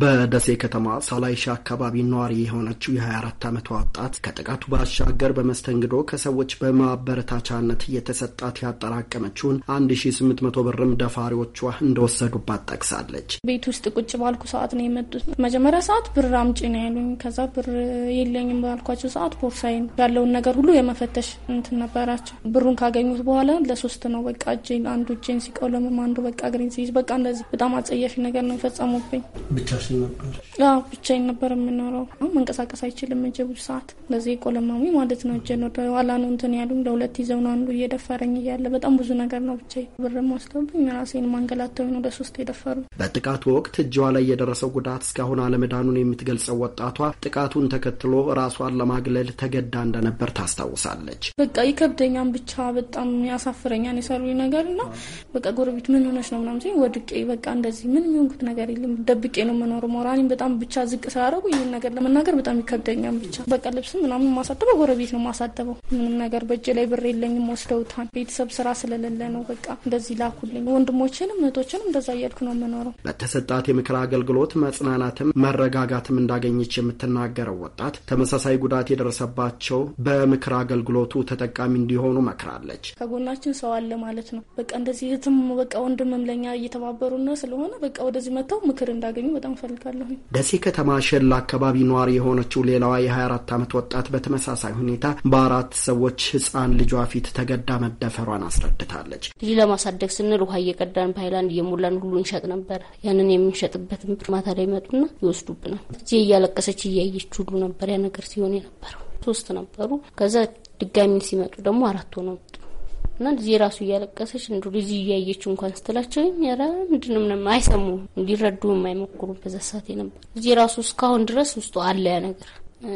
በደሴ ከተማ ሳላይሻ አካባቢ ነዋሪ የሆነችው የ24 ዓመቷ ወጣት ከጥቃቱ ባሻገር በመስተንግዶ ከሰዎች በማበረታቻነት እየተሰጣት ያጠራቀመችውን 1800 ብርም ደፋሪዎቿ እንደወሰዱባት ጠቅሳለች። ቤት ውስጥ ቁጭ ባልኩ ሰዓት ነው የመጡት። መጀመሪያ ሰዓት ብር አምጪ ነው ያሉኝ። ከዛ ብር የለኝም ባልኳቸው ሰዓት ቦርሳዬን ያለውን ነገር ሁሉ የመፈተሽ እንትን ነበራቸው። ብሩን ካገኙት በኋላ ለሶስት ነው በቃ እጄን አንዱ እጄን ሲቀው ለምም አንዱ በቃ እግሬን ሲይዝ በቃ እንደዚህ በጣም አጸያፊ ነገር ነው የፈጸሙብኝ። ብቻሽን ነበር? አዎ ብቻዬን ነበር የምኖረው። መንቀሳቀስ አይችልም እጄ ብዙ ሰዓት ለዚህ ቆለማሚ ማለት ነው። እጄን ወደ ኋላ ነው እንትን ያሉ ለሁለት ይዘው ነው አንዱ እየደፈረኝ እያለ በጣም ብዙ ነገር ነው ብቻ ብር ወስደውብኝ ራሴን ማንገላተው ነው ለሶስት የደፈሩ። በጥቃቱ ወቅት እጅዋ ላይ የደረሰው ጉዳት እስካሁን አለመዳኑን የምትገልጸው ወጣቷ ጥቃቱን ተከትሎ ራሷን ለማግለል ተገዳ እንደነበር ታስታውሳለች። በቃ ይከብደኛም ብቻ በጣም ያሳፍረኛን የሰሩኝ ነገር እና በቃ ጎረቤት ምን ሆነች ነው ምናምን ወድቄ በቃ እንደዚህ ምን የሚሆንኩት ነገር የለም ደብቄ ነው የምኖረው ሞራሊን በጣም ብቻ ዝቅ ስላደረጉ ይህን ነገር ለመናገር በጣም ይከብደኛል። ብቻ በቃ ልብስ ምናምን ማሳደበው ጎረቤት ነው ማሳደበው። ምንም ነገር በእጅ ላይ ብር የለኝም ወስደውታል። ቤተሰብ ስራ ስለሌለ ነው በቃ እንደዚህ ላኩልኝ። ወንድሞችንም እህቶችንም እንደዛ እያልኩ ነው የምኖረው። በተሰጣት የምክር አገልግሎት መጽናናትም መረጋጋትም እንዳገኘች የምትናገረው ወጣት ተመሳሳይ ጉዳት የደረሰባቸው በምክር አገልግሎቱ ተጠቃሚ እንዲሆኑ መክራለች። ከጎናችን ሰው አለ ማለት ነው። በቃ እንደዚህ እህትም በቃ ወንድምም ለኛ እየተባበሩ ነው ስለሆነ በቃ ወደዚህ መጥተው ምክር እንዳገኙ በጣም እፈልጋለሁ። ደሴ ከተማ ሸላ አካባቢ ነዋሪ የሆነችው ሌላዋ የ24 ዓመት ወጣት በተመሳሳይ ሁኔታ በአራት ሰዎች ህፃን ልጇ ፊት ተገዳ መደፈሯን አስረድታለች። ልጅ ለማሳደግ ስንል ውሃ እየቀዳን በሀይላንድ እየሞላን ሁሉ እንሸጥ ነበር። ያንን የምንሸጥበት ማታ ላይ ይመጡና ይወስዱብናል። እዚህ እያለቀሰች እያየች ሁሉ ነበር ያ ነገር ሲሆን የነበረው ሶስት ነበሩ። ከዛ ድጋሚ ሲመጡ ደግሞ አራት ሆነ መጡ። እና ልጄ ራሱ እያለቀሰች እንዱ ልጅ እያየች እንኳን ስትላቸው ኧረ ምንድን ነው አይሰሙም፣ እንዲረዱ የማይሞክሩ በዛ ሰዓት ነበር። ልጄ ራሱ እስካሁን ድረስ ውስጡ አለ ያ ነገር።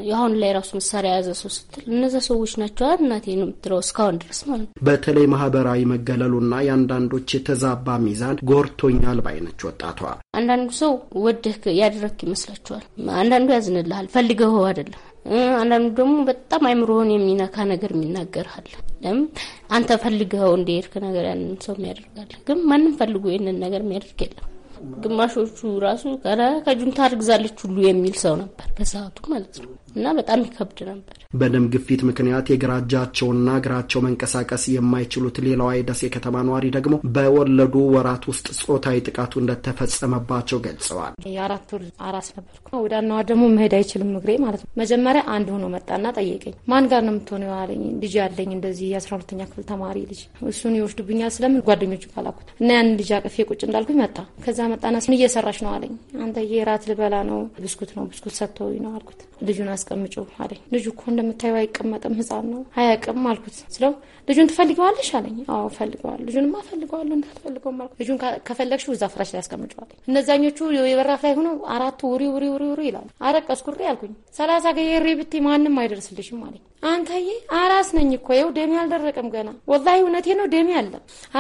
የአሁን ላይ ራሱ መሳሪያ የያዘ ሰው ስትል እነዚ ሰዎች ናቸው እናቴ ነው የምትለው እስካሁን ድረስ ማለት ነው። በተለይ ማህበራዊ መገለሉና የአንዳንዶች የተዛባ ሚዛን ጎርቶኛል ባይነች ወጣቷ። አንዳንዱ ሰው ወደህ ያደረክ ይመስላችኋል። አንዳንዱ ያዝንልሃል ፈልገው አይደለም አንዳንዱ ደግሞ በጣም አይምሮህን የሚነካ ነገር የሚናገርሃል። ለምን አንተ ፈልገኸው እንደሄድክ ነገር ያንን ሰው የሚያደርጋል። ግን ማንም ፈልጎ ይህንን ነገር የሚያደርግ የለም። ግማሾቹ ራሱ ከጁንታ አርግዛለች ሁሉ የሚል ሰው ነበር በሰዓቱ ማለት ነው። እና በጣም ይከብድ ነበር። በደም ግፊት ምክንያት የግራ እጃቸውና እግራቸው መንቀሳቀስ የማይችሉት ሌላዋ የደሴ ከተማ ነዋሪ ደግሞ በወለዱ ወራት ውስጥ ጾታዊ ጥቃቱ እንደተፈጸመባቸው ገልጸዋል። የአራት ወር አራስ ነበርኩ። ወደ አናዋ ደግሞ መሄድ አይችልም እግሬ ማለት ነው። መጀመሪያ አንድ ሆኖ መጣና ጠየቀኝ። ማን ጋር ነው የምትሆነው ያለኝ ልጅ ያለኝ እንደዚህ የአስራ ሁለተኛ ክፍል ተማሪ ልጅ እሱን ይወስዱብኛል ስለምን ጓደኞቹ ካላኩት እና ያን ልጅ አቅፌ ቁጭ እንዳልኩኝ መጣ። ከዛ መጣና ስን እየሰራች ነው አለኝ። አንተ የራት ልበላ ነው ብስኩት ነው ብስኩት ሰጥተው ነው አልኩት። ልጁን አስቀምጮ አለኝ። ልጁ እኮ እንደምታዩ አይቀመጥም፣ ህፃን ነው አያውቅም አልኩት። ስለው ልጁን ትፈልገዋለሽ አለኝ። አዎ ፈልገዋል። ልጁን ማ ፈልገዋለሁ እንዳትፈልገውም አልኩት። ልጁን ከፈለግሽ እዛ ፍራሽ ላይ ያስቀምጨዋለኝ። እነዛኞቹ የበራፍ ላይ ሆነው አራቱ ውሪ ውሪ ውሪ ውሪ ይላሉ። አረቀስኩ እሪ አልኩኝ። ሰላሳ ገየሪ ብቴ ማንም አይደርስልሽም አለኝ። አንተዬ አራስ ነኝ እኮ ይኸው ደሜ አልደረቀም ገና ወላሂ እውነቴ ነው ደሜ አለ።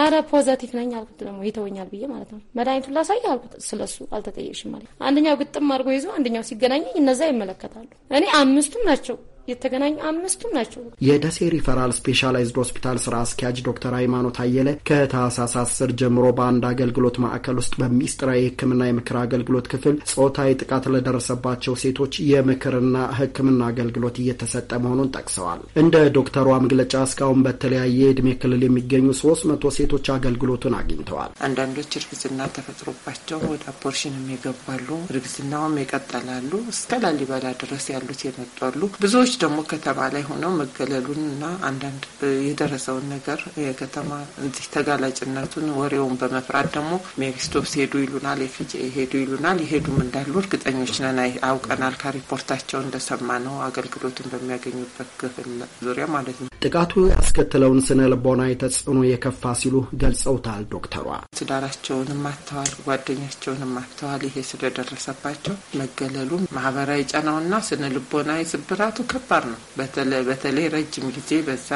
አረ ፖዘቲቭ ነኝ አልኩት። ደግሞ ይተወኛል ብዬ ማለት ነው። መድኃኒቱን ላሳይህ አልኩት። ስለሱ አልተጠየቅሽም አለኝ። አንደኛው ግጥም አድርጎ ይዞ አንደኛው ሲገናኘኝ እነዛ ይመለከታሉ። እኔ አምስቱም ናቸው የተገናኙ አምስቱም ናቸው። የደሴ ሪፈራል ስፔሻላይዝድ ሆስፒታል ስራ አስኪያጅ ዶክተር ሃይማኖት አየለ ከታህሳስ አስር ጀምሮ በአንድ አገልግሎት ማዕከል ውስጥ በሚስጥራዊ የሕክምና የምክር አገልግሎት ክፍል ጾታዊ ጥቃት ለደረሰባቸው ሴቶች የምክርና ሕክምና አገልግሎት እየተሰጠ መሆኑን ጠቅሰዋል። እንደ ዶክተሯ መግለጫ እስካሁን በተለያየ የእድሜ ክልል የሚገኙ ሶስት መቶ ሴቶች አገልግሎቱን አግኝተዋል። አንዳንዶች እርግዝና ተፈጥሮባቸው ወደ አቦርሽንም ይገባሉ። እርግዝናውም ይቀጠላሉ። እስከ ላሊበላ ድረስ ያሉት የመጧሉ ብዙዎች ደግሞ ከተማ ላይ ሆነው መገለሉን እና አንዳንድ የደረሰውን ነገር የከተማ እዚህ ተጋላጭነቱን ወሬውን በመፍራት ደግሞ ሜሪስቶፕስ ሄዱ ይሉናል፣ የፍጭ ሄዱ ይሉናል። ይሄዱም እንዳሉ እርግጠኞች ነን፣ አውቀናል። ከሪፖርታቸው እንደሰማ ነው አገልግሎትን በሚያገኙበት ክፍል ዙሪያ ማለት ነው። ጥቃቱ ያስከተለውን ስነ ልቦናዊ ተጽዕኖ የከፋ ሲሉ ገልጸውታል ዶክተሯ። ትዳራቸውንም አጥተዋል፣ ጓደኛቸውንም አጥተዋል። ይሄ ስለደረሰባቸው መገለሉ ማህበራዊ ጫናውና ስነ ልቦናዊ ስብራቱ ከ ከባድ ነው። በተለይ ረጅም ጊዜ በዛ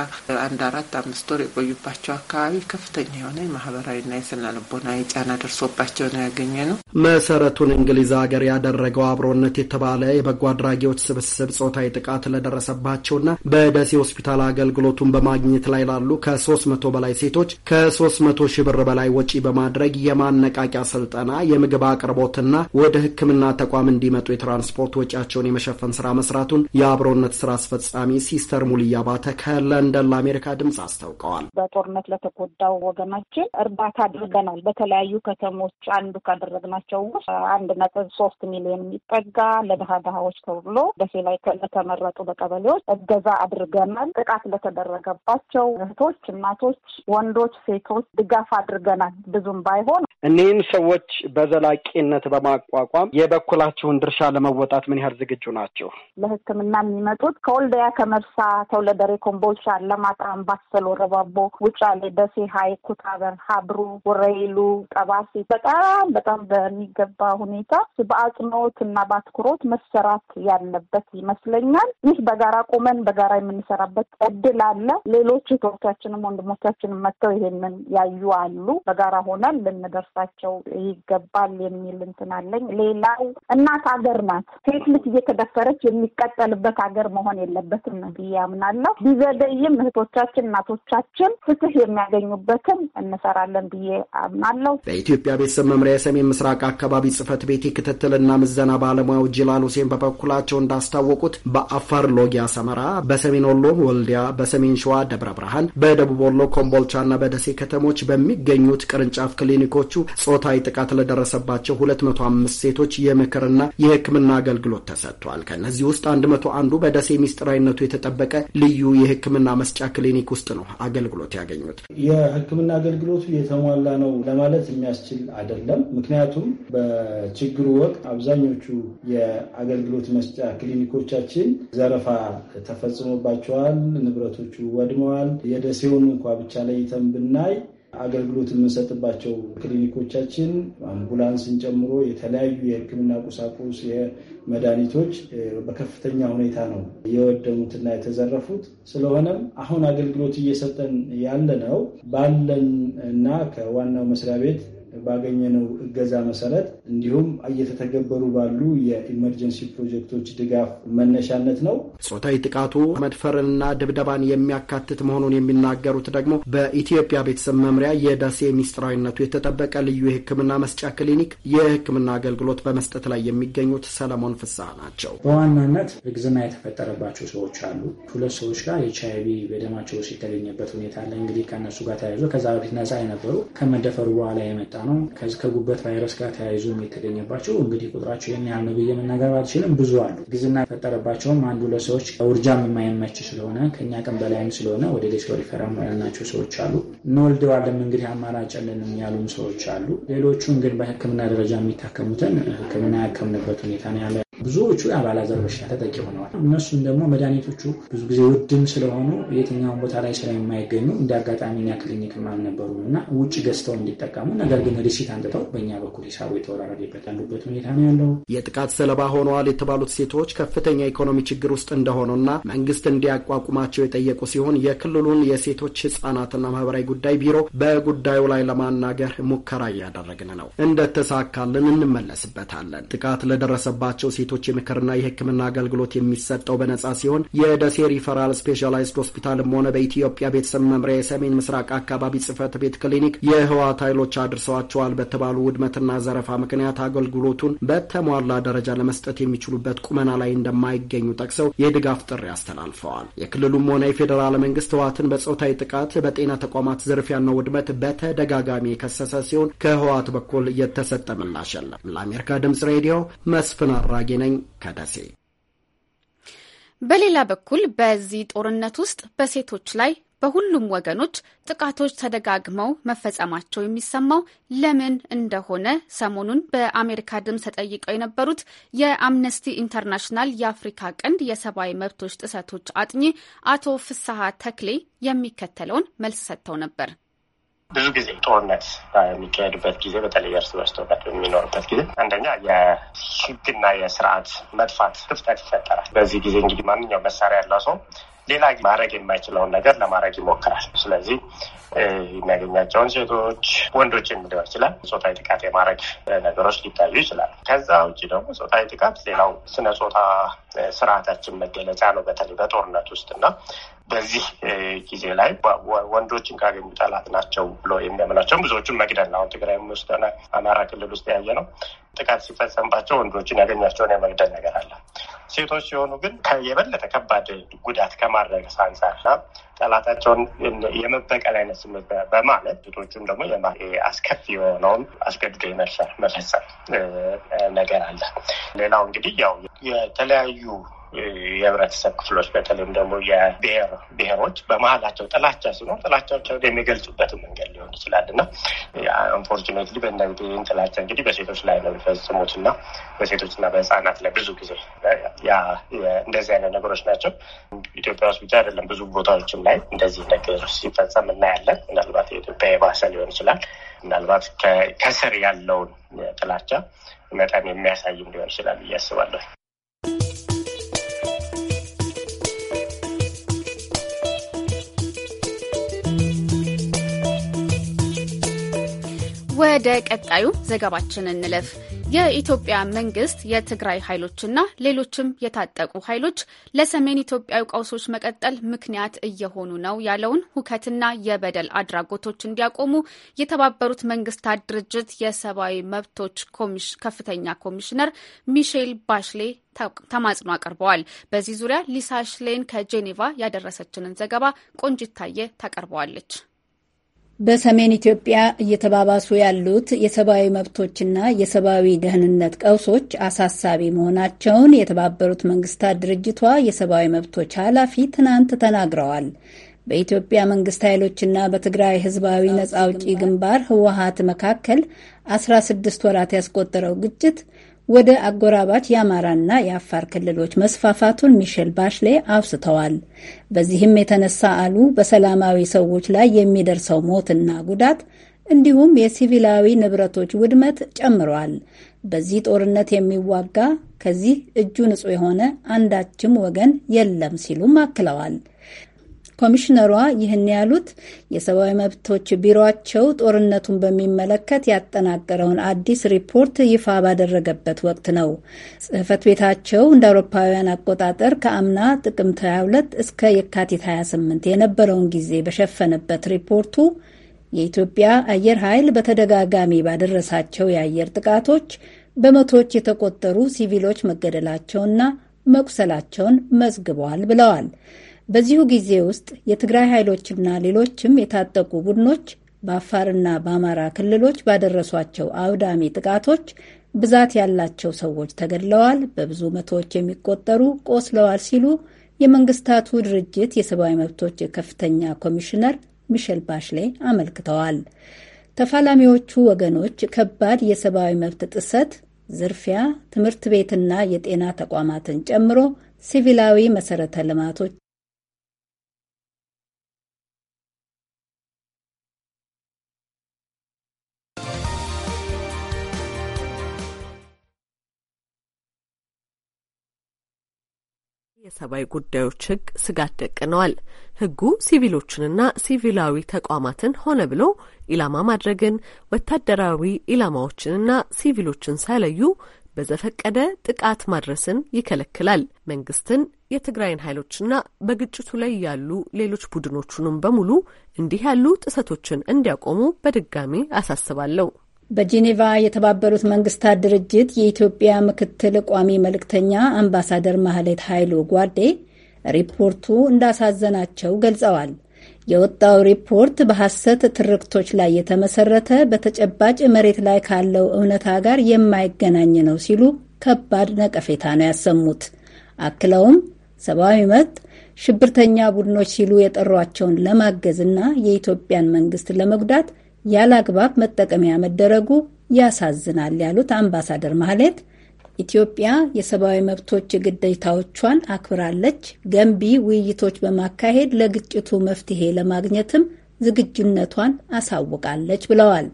አንድ አራት አምስት ወር የቆዩባቸው አካባቢ ከፍተኛ የሆነ የማህበራዊና የስነ ልቦና የጫና ደርሶባቸው ነው ያገኘ ነው። መሰረቱን እንግሊዝ ሀገር ያደረገው አብሮነት የተባለ የበጎ አድራጊዎች ስብስብ ጾታዊ ጥቃት ለደረሰባቸውና በደሴ ሆስፒታል አገልግሎቱን በማግኘት ላይ ላሉ ከሶስት መቶ በላይ ሴቶች ከሶስት መቶ ሺህ ብር በላይ ወጪ በማድረግ የማነቃቂያ ስልጠና፣ የምግብ አቅርቦትና ወደ ሕክምና ተቋም እንዲመጡ የትራንስፖርት ወጪያቸውን የመሸፈን ስራ መስራቱን የአብሮነት ስራ አስፈጻሚ ሲስተር ሙልያ ባተ ከለንደን ለአሜሪካ ድምፅ አስታውቀዋል። በጦርነት ለተጎዳው ወገናችን እርዳታ አድርገናል። በተለያዩ ከተሞች አንዱ ካደረግናቸው ውስጥ አንድ ነጥብ ሶስት ሚሊዮን የሚጠጋ ለድሃድሃዎች ተብሎ ደሴ ላይ ለተመረጡ በቀበሌዎች እገዛ አድርገናል። ጥቃት ለተደረገባቸው እህቶች፣ እናቶች፣ ወንዶች፣ ሴቶች ድጋፍ አድርገናል። ብዙም ባይሆን እኒህን ሰዎች በዘላቂነት በማቋቋም የበኩላችሁን ድርሻ ለመወጣት ምን ያህል ዝግጁ ናቸው? ለሕክምና የሚመጡ ያሉት ከወልዲያ፣ ከመርሳ፣ ተውለደሬ፣ ኮምቦልቻ፣ አላማጣ፣ አምባሰል፣ ረባቦ ውጫሌ፣ ደሴ፣ ሀይ ኩታበር፣ ሀብሩ፣ ወረይሉ ጠባሴ በጣም በጣም በሚገባ ሁኔታ በአጽንኦት እና በአትኩሮት መሰራት ያለበት ይመስለኛል። ይህ በጋራ ቆመን በጋራ የምንሰራበት እድል አለ። ሌሎች እህቶቻችንም ወንድሞቻችንም መጥተው ይሄንን ያዩ አሉ። በጋራ ሆነን ልንደርሳቸው ይገባል የሚል እንትናለኝ ሌላው እናት ሀገር ናት። ሴት ልጅ እየተደፈረች የሚቀጠልበት ሀገር መሆን የለበትም ብዬ አምናለሁ። ቢዘገይም እህቶቻችን፣ እናቶቻችን ፍትህ የሚያገኙበትን እንሰራለን ብዬ አምናለሁ። በኢትዮጵያ ቤተሰብ መምሪያ የሰሜን ምስራቅ አካባቢ ጽህፈት ቤት የክትትልና ምዘና ባለሙያው ጅላል ሁሴን በበኩላቸው እንዳስታወቁት በአፋር ሎጊያ ሰመራ፣ በሰሜን ወሎ ወልዲያ፣ በሰሜን ሸዋ ደብረ ብርሃን፣ በደቡብ ወሎ ኮምቦልቻና በደሴ ከተሞች በሚገኙት ቅርንጫፍ ክሊኒኮቹ ጾታዊ ጥቃት ለደረሰባቸው ሁለት መቶ አምስት ሴቶች የምክርና የሕክምና አገልግሎት ተሰጥቷል። ከእነዚህ ውስጥ አንድ መቶ አንዱ በደ በደረሰ ሚስጥራዊነቱ የተጠበቀ ልዩ የሕክምና መስጫ ክሊኒክ ውስጥ ነው አገልግሎት ያገኙት። የሕክምና አገልግሎቱ የተሟላ ነው ለማለት የሚያስችል አይደለም። ምክንያቱም በችግሩ ወቅት አብዛኞቹ የአገልግሎት መስጫ ክሊኒኮቻችን ዘረፋ ተፈጽሞባቸዋል፣ ንብረቶቹ ወድመዋል። የደሴውን እንኳ ብቻ ለይተን ብናይ አገልግሎት የምንሰጥባቸው ክሊኒኮቻችን አምቡላንስን ጨምሮ የተለያዩ የሕክምና ቁሳቁስ፣ የመድኃኒቶች በከፍተኛ ሁኔታ ነው የወደሙትና የተዘረፉት። ስለሆነም አሁን አገልግሎት እየሰጠን ያለ ነው። ባለን እና ከዋናው መስሪያ ቤት ባገኘነው እገዛ መሰረት እንዲሁም እየተተገበሩ ባሉ የኢመርጀንሲ ፕሮጀክቶች ድጋፍ መነሻነት ነው። ጾታዊ ጥቃቱ መድፈርንና ድብደባን የሚያካትት መሆኑን የሚናገሩት ደግሞ በኢትዮጵያ ቤተሰብ መምሪያ የደሴ ሚስጥራዊነቱ የተጠበቀ ልዩ የሕክምና መስጫ ክሊኒክ የሕክምና አገልግሎት በመስጠት ላይ የሚገኙት ሰለሞን ፍስሐ ናቸው። በዋናነት እርግዝና የተፈጠረባቸው ሰዎች አሉ። ሁለት ሰዎች ጋር ኤች አይ ቪ በደማቸው ውስጥ የተገኘበት ሁኔታ አለ። እንግዲህ ከእነሱ ጋር ተያይዞ ከዛ በፊት ነፃ የነበሩ ከመደፈሩ በኋላ የመጣ ነው። ከጉበት ቫይረስ ጋር ተያይዞ የተገኘባቸው እንግዲህ ቁጥራቸው ይህን ያህል ነው ብዬ መናገር ባልችልም ብዙ አሉ። ጊዜና የፈጠረባቸውም አንዱ ለሰዎች ውርጃም የማይመች ስለሆነ ከኛ ቀን በላይም ስለሆነ ወደ ሌሰው ሪፈራ ያልናቸው ሰዎች አሉ። እንወልደዋለም እንግዲህ አማራጭ የለንም ያሉም ሰዎች አሉ። ሌሎቹን ግን በህክምና ደረጃ የሚታከሙትን ህክምና ያከምንበት ሁኔታ ነው ያለ። ብዙዎቹ የአባላዘር በሽታ ተጠቂ ሆነዋል። እነሱም ደግሞ መድኃኒቶቹ ብዙ ጊዜ ውድም ስለሆኑ የትኛውን ቦታ ላይ ስለማይገኙ እንደ አጋጣሚ እኛ ክሊኒክም አልነበሩም እና ውጭ ገዝተው እንዲጠቀሙ ነገር ግን ሪሲት አንጥተው በእኛ በኩል ሂሳቡ የተወራረደበት ያሉበት ሁኔታ ነው ያለው። የጥቃት ሰለባ ሆነዋል የተባሉት ሴቶች ከፍተኛ ኢኮኖሚ ችግር ውስጥ እንደሆኑና መንግስት እንዲያቋቁማቸው የጠየቁ ሲሆን የክልሉን የሴቶች ህጻናትና ማህበራዊ ጉዳይ ቢሮ በጉዳዩ ላይ ለማናገር ሙከራ እያደረግን ነው። እንደተሳካልን እንመለስበታለን። ጥቃት ለደረሰባቸው ሴ ቤቶች የምክርና የሕክምና አገልግሎት የሚሰጠው በነጻ ሲሆን የደሴ ሪፈራል ስፔሻላይዝድ ሆስፒታልም ሆነ በኢትዮጵያ ቤተሰብ መምሪያ የሰሜን ምስራቅ አካባቢ ጽህፈት ቤት ክሊኒክ የህወሓት ኃይሎች አድርሰዋቸዋል በተባሉ ውድመትና ዘረፋ ምክንያት አገልግሎቱን በተሟላ ደረጃ ለመስጠት የሚችሉበት ቁመና ላይ እንደማይገኙ ጠቅሰው የድጋፍ ጥሪ አስተላልፈዋል። የክልሉም ሆነ የፌዴራል መንግስት ህወሓትን በጾታዊ ጥቃት፣ በጤና ተቋማት ዝርፊያና ውድመት በተደጋጋሚ የከሰሰ ሲሆን ከህወሓት በኩል የተሰጠ ምላሽ የለም። ለአሜሪካ ድምጽ ሬዲዮ መስፍን አራጌ ነኝ ከደሴ። በሌላ በኩል በዚህ ጦርነት ውስጥ በሴቶች ላይ በሁሉም ወገኖች ጥቃቶች ተደጋግመው መፈጸማቸው የሚሰማው ለምን እንደሆነ ሰሞኑን በአሜሪካ ድምፅ ተጠይቀው የነበሩት የአምነስቲ ኢንተርናሽናል የአፍሪካ ቀንድ የሰብአዊ መብቶች ጥሰቶች አጥኚ አቶ ፍስሐ ተክሌ የሚከተለውን መልስ ሰጥተው ነበር። ብዙ ጊዜ ጦርነት በሚካሄድበት ጊዜ በተለይ እርስ በርስ ጦርነት በሚኖርበት ጊዜ አንደኛ የህግና የስርዓት መጥፋት ክፍተት ይፈጠራል። በዚህ ጊዜ እንግዲህ ማንኛውም መሳሪያ ያለው ሰው ሌላ ማድረግ የማይችለውን ነገር ለማድረግ ይሞክራል። ስለዚህ የሚያገኛቸውን ሴቶች፣ ወንዶችን ሊሆን ይችላል ጾታዊ ጥቃት የማድረግ ነገሮች ሊታዩ ይችላሉ። ከዛ ውጭ ደግሞ ጾታዊ ጥቃት ሌላው ስነ ጾታ ስርዓታችን መገለጫ ነው። በተለይ በጦርነት ውስጥ እና በዚህ ጊዜ ላይ ወንዶችን ካገኙ ጠላት ናቸው ብሎ የሚያምናቸው ብዙዎቹን መግደል አሁን ትግራይ ውስጥ ሆነ አማራ ክልል ውስጥ ያየ ነው። ጥቃት ሲፈጸምባቸው ወንዶችን ያገኛቸውን የመግደል ነገር አለ። ሴቶች ሲሆኑ ግን የበለጠ ከባድ ጉዳት ከማድረግ አንጻር እና ጠላታቸውን የመበቀል አይነት ስሜት በማለት ሴቶቹም ደግሞ አስከፊ የሆነውን አስገድዶ መድፈር መፈጸም ነገር አለ። ሌላው እንግዲህ ያው የተለያዩ የተለያዩ የህብረተሰብ ክፍሎች በተለይም ደግሞ የብሔር ብሔሮች በመሀላቸው ጥላቻ ሲኖር ጥላቻቸውን የሚገልጹበት መንገድ ሊሆን ይችላል እና አንፎርቹኔትሊ በእንዳይን ጥላቻ እንግዲህ በሴቶች ላይ ነው የሚፈጽሙት እና በሴቶች እና በህፃናት ላይ ብዙ ጊዜ እንደዚህ አይነት ነገሮች ናቸው። ኢትዮጵያ ውስጥ ብቻ አይደለም፣ ብዙ ቦታዎችም ላይ እንደዚህ ነገር ሲፈጸም እናያለን። ምናልባት የኢትዮጵያ የባሰ ሊሆን ይችላል። ምናልባት ከስር ያለውን ጥላቻ መጠን የሚያሳይም ሊሆን ይችላል ብዬ አስባለሁ። ወደ ቀጣዩ ዘገባችን እንለፍ። የኢትዮጵያ መንግስት የትግራይ ኃይሎችና ሌሎችም የታጠቁ ኃይሎች ለሰሜን ኢትዮጵያዊ ቀውሶች መቀጠል ምክንያት እየሆኑ ነው ያለውን ሁከትና የበደል አድራጎቶች እንዲያቆሙ የተባበሩት መንግስታት ድርጅት የሰብአዊ መብቶች ከፍተኛ ኮሚሽነር ሚሼል ባሽሌ ተማጽኖ አቅርበዋል። በዚህ ዙሪያ ሊሳ ሽሌን ከጄኔቫ ያደረሰችንን ዘገባ ቆንጂት ታየ ታቀርበዋለች። በሰሜን ኢትዮጵያ እየተባባሱ ያሉት የሰብአዊ መብቶችና የሰብአዊ ደህንነት ቀውሶች አሳሳቢ መሆናቸውን የተባበሩት መንግስታት ድርጅቷ የሰብአዊ መብቶች ኃላፊ ትናንት ተናግረዋል። በኢትዮጵያ መንግስት ኃይሎችና በትግራይ ህዝባዊ ነጻ አውጪ ግንባር ህወሀት መካከል 16 ወራት ያስቆጠረው ግጭት ወደ አጎራባች የአማራና የአፋር ክልሎች መስፋፋቱን ሚሼል ባሽሌ አውስተዋል። በዚህም የተነሳ አሉ በሰላማዊ ሰዎች ላይ የሚደርሰው ሞትና ጉዳት እንዲሁም የሲቪላዊ ንብረቶች ውድመት ጨምሯል። በዚህ ጦርነት የሚዋጋ ከዚህ እጁ ንጹሕ የሆነ አንዳችም ወገን የለም ሲሉም አክለዋል። ኮሚሽነሯ ይህን ያሉት የሰብአዊ መብቶች ቢሮቸው ጦርነቱን በሚመለከት ያጠናቀረውን አዲስ ሪፖርት ይፋ ባደረገበት ወቅት ነው። ጽህፈት ቤታቸው እንደ አውሮፓውያን አቆጣጠር ከአምና ጥቅምት 22 እስከ የካቲት 28 የነበረውን ጊዜ በሸፈነበት ሪፖርቱ የኢትዮጵያ አየር ኃይል በተደጋጋሚ ባደረሳቸው የአየር ጥቃቶች በመቶዎች የተቆጠሩ ሲቪሎች መገደላቸውና መቁሰላቸውን መዝግበዋል ብለዋል። በዚሁ ጊዜ ውስጥ የትግራይ ኃይሎችና ሌሎችም የታጠቁ ቡድኖች በአፋርና በአማራ ክልሎች ባደረሷቸው አውዳሚ ጥቃቶች ብዛት ያላቸው ሰዎች ተገድለዋል፣ በብዙ መቶዎች የሚቆጠሩ ቆስለዋል ሲሉ የመንግስታቱ ድርጅት የሰብአዊ መብቶች ከፍተኛ ኮሚሽነር ሚሸል ባሽሌ አመልክተዋል። ተፋላሚዎቹ ወገኖች ከባድ የሰብአዊ መብት ጥሰት፣ ዝርፊያ፣ ትምህርት ቤትና የጤና ተቋማትን ጨምሮ ሲቪላዊ መሰረተ ልማቶች የሰብአዊ ጉዳዮች ሕግ ስጋት ደቅነዋል። ሕጉ ሲቪሎችንና ሲቪላዊ ተቋማትን ሆነ ብሎ ኢላማ ማድረግን፣ ወታደራዊ ኢላማዎችንና ሲቪሎችን ሳይለዩ በዘፈቀደ ጥቃት ማድረስን ይከለክላል። መንግስትን፣ የትግራይን ኃይሎችና በግጭቱ ላይ ያሉ ሌሎች ቡድኖቹንም በሙሉ እንዲህ ያሉ ጥሰቶችን እንዲያቆሙ በድጋሚ አሳስባለሁ። በጄኔቫ የተባበሩት መንግስታት ድርጅት የኢትዮጵያ ምክትል ቋሚ መልእክተኛ አምባሳደር ማህሌት ኃይሉ ጓዴ ሪፖርቱ እንዳሳዘናቸው ገልጸዋል። የወጣው ሪፖርት በሐሰት ትርክቶች ላይ የተመሰረተ በተጨባጭ መሬት ላይ ካለው እውነታ ጋር የማይገናኝ ነው ሲሉ ከባድ ነቀፌታ ነው ያሰሙት። አክለውም ሰብአዊ መብት ሽብርተኛ ቡድኖች ሲሉ የጠሯቸውን ለማገዝና የኢትዮጵያን መንግስት ለመጉዳት ያለ አግባብ መጠቀሚያ መደረጉ ያሳዝናል ያሉት አምባሳደር ማህሌት ኢትዮጵያ የሰብአዊ መብቶች ግዴታዎቿን አክብራለች፣ ገንቢ ውይይቶች በማካሄድ ለግጭቱ መፍትሄ ለማግኘትም ዝግጁነቷን አሳውቃለች ብለዋል።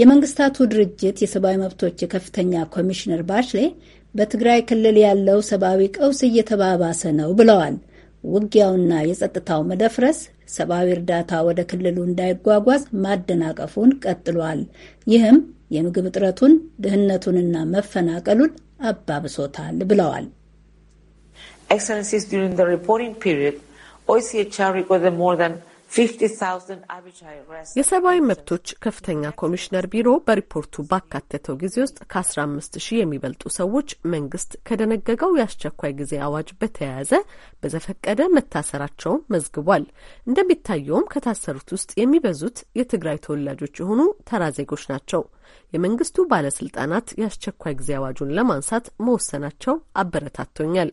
የመንግስታቱ ድርጅት የሰብአዊ መብቶች ከፍተኛ ኮሚሽነር ባሽሌ በትግራይ ክልል ያለው ሰብአዊ ቀውስ እየተባባሰ ነው ብለዋል። ውጊያውና የጸጥታው መደፍረስ ሰብአዊ እርዳታ ወደ ክልሉ እንዳይጓጓዝ ማደናቀፉን ቀጥሏል። ይህም የምግብ እጥረቱን ድህነቱንና መፈናቀሉን አባብሶታል ብለዋል። ኤክሰለንሲስ ዱሪንግ ሪፖርቲንግ ፒሪድ ኦይሲኤችአር ሪኮርደድ ሞር ዛን የሰብአዊ መብቶች ከፍተኛ ኮሚሽነር ቢሮ በሪፖርቱ ባካተተው ጊዜ ውስጥ ከ15 ሺህ የሚበልጡ ሰዎች መንግስት ከደነገገው የአስቸኳይ ጊዜ አዋጅ በተያያዘ በዘፈቀደ መታሰራቸውን መዝግቧል። እንደሚታየውም ከታሰሩት ውስጥ የሚበዙት የትግራይ ተወላጆች የሆኑ ተራ ዜጎች ናቸው። የመንግስቱ ባለስልጣናት የአስቸኳይ ጊዜ አዋጁን ለማንሳት መወሰናቸው አበረታቶኛል።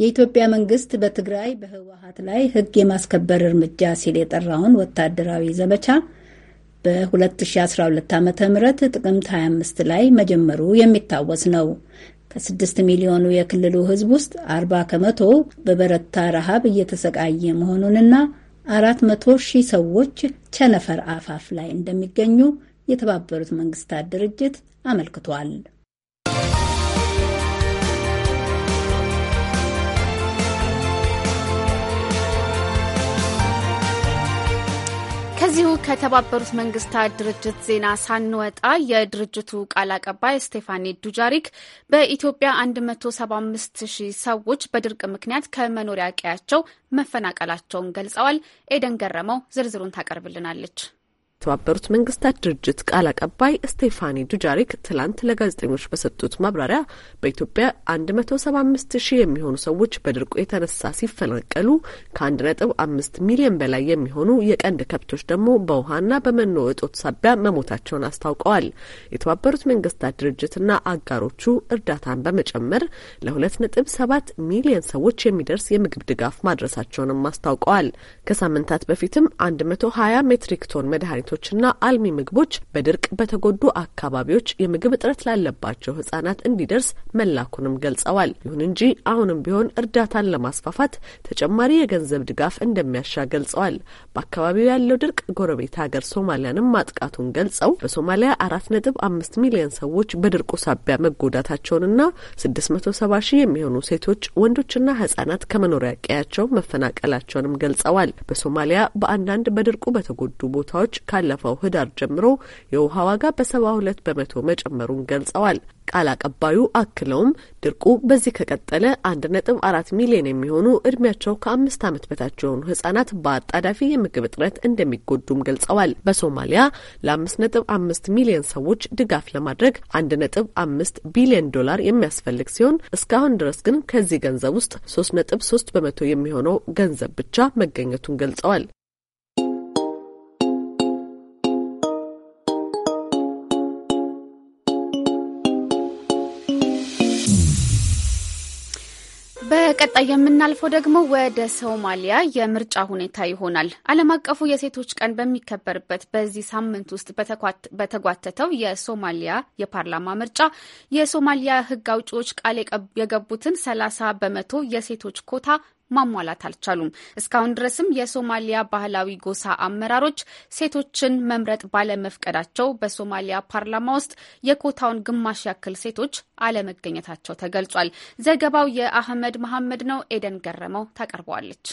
የኢትዮጵያ መንግስት በትግራይ በህወሀት ላይ ህግ የማስከበር እርምጃ ሲል የጠራውን ወታደራዊ ዘመቻ በ2012 ዓ ም ጥቅምት 25 ላይ መጀመሩ የሚታወስ ነው። ከ6 ሚሊዮኑ የክልሉ ህዝብ ውስጥ 40 ከመቶ በበረታ ረሃብ እየተሰቃየ መሆኑንና 400 ሺህ ሰዎች ቸነፈር አፋፍ ላይ እንደሚገኙ የተባበሩት መንግስታት ድርጅት አመልክቷል። ከዚሁ ከተባበሩት መንግስታት ድርጅት ዜና ሳንወጣ የድርጅቱ ቃል አቀባይ ስቴፋኔ ዱጃሪክ በኢትዮጵያ 175 ሺህ ሰዎች በድርቅ ምክንያት ከመኖሪያ ቀያቸው መፈናቀላቸውን ገልጸዋል። ኤደን ገረመው ዝርዝሩን ታቀርብልናለች። የተባበሩት መንግስታት ድርጅት ቃል አቀባይ ስቴፋኒ ዱጃሪክ ትላንት ለጋዜጠኞች በሰጡት ማብራሪያ በኢትዮጵያ አንድ መቶ ሰባ አምስት ሺህ የሚሆኑ ሰዎች በድርቁ የተነሳ ሲፈናቀሉ ከአንድ ነጥብ አምስት ሚሊዮን በላይ የሚሆኑ የቀንድ ከብቶች ደግሞ በውሃና በመኖ እጦት ሳቢያ መሞታቸውን አስታውቀዋል። የተባበሩት መንግስታት ድርጅትና አጋሮቹ እርዳታን በመጨመር ለሁለት ነጥብ ሰባት ሚሊዮን ሰዎች የሚደርስ የምግብ ድጋፍ ማድረሳቸውንም አስታውቀዋል። ከሳምንታት በፊትም አንድ መቶ ሀያ ሜትሪክ ቶን መድኃኒት ግብዓቶችና አልሚ ምግቦች በድርቅ በተጎዱ አካባቢዎች የምግብ እጥረት ላለባቸው ህጻናት እንዲደርስ መላኩንም ገልጸዋል። ይሁን እንጂ አሁንም ቢሆን እርዳታን ለማስፋፋት ተጨማሪ የገንዘብ ድጋፍ እንደሚያሻ ገልጸዋል። በአካባቢው ያለው ድርቅ ጎረቤት ሀገር ሶማሊያንም ማጥቃቱን ገልጸው በሶማሊያ አራት ነጥብ አምስት ሚሊዮን ሰዎች በድርቁ ሳቢያ መጎዳታቸውንና ስድስት መቶ ሰባ ሺህ የሚሆኑ ሴቶች ወንዶችና ህጻናት ከመኖሪያ ቀያቸው መፈናቀላቸውንም ገልጸዋል። በሶማሊያ በአንዳንድ በድርቁ በተጎዱ ቦታዎች ካለፈው ህዳር ጀምሮ የውሃ ዋጋ በሰባ ሁለት በመቶ መጨመሩን ገልጸዋል። ቃል አቀባዩ አክለውም ድርቁ በዚህ ከቀጠለ አንድ ነጥብ አራት ሚሊዮን የሚሆኑ እድሜያቸው ከአምስት ዓመት በታች የሆኑ ህጻናት በአጣዳፊ የምግብ እጥረት እንደሚጎዱም ገልጸዋል። በሶማሊያ ለአምስት ነጥብ አምስት ሚሊዮን ሰዎች ድጋፍ ለማድረግ አንድ ነጥብ አምስት ቢሊዮን ዶላር የሚያስፈልግ ሲሆን እስካሁን ድረስ ግን ከዚህ ገንዘብ ውስጥ ሶስት ነጥብ ሶስት በመቶ የሚሆነው ገንዘብ ብቻ መገኘቱን ገልጸዋል። በቀጣይ የምናልፈው ደግሞ ወደ ሶማሊያ የምርጫ ሁኔታ ይሆናል። ዓለም አቀፉ የሴቶች ቀን በሚከበርበት በዚህ ሳምንት ውስጥ በተጓተተው የሶማሊያ የፓርላማ ምርጫ የሶማሊያ ሕግ አውጪዎች ቃል የገቡትን 30 በመቶ የሴቶች ኮታ ማሟላት አልቻሉም። እስካሁን ድረስም የሶማሊያ ባህላዊ ጎሳ አመራሮች ሴቶችን መምረጥ ባለመፍቀዳቸው በሶማሊያ ፓርላማ ውስጥ የኮታውን ግማሽ ያክል ሴቶች አለመገኘታቸው ተገልጿል። ዘገባው የአህመድ መሐመድ ነው። ኤደን ገረመው ታቀርበዋለች።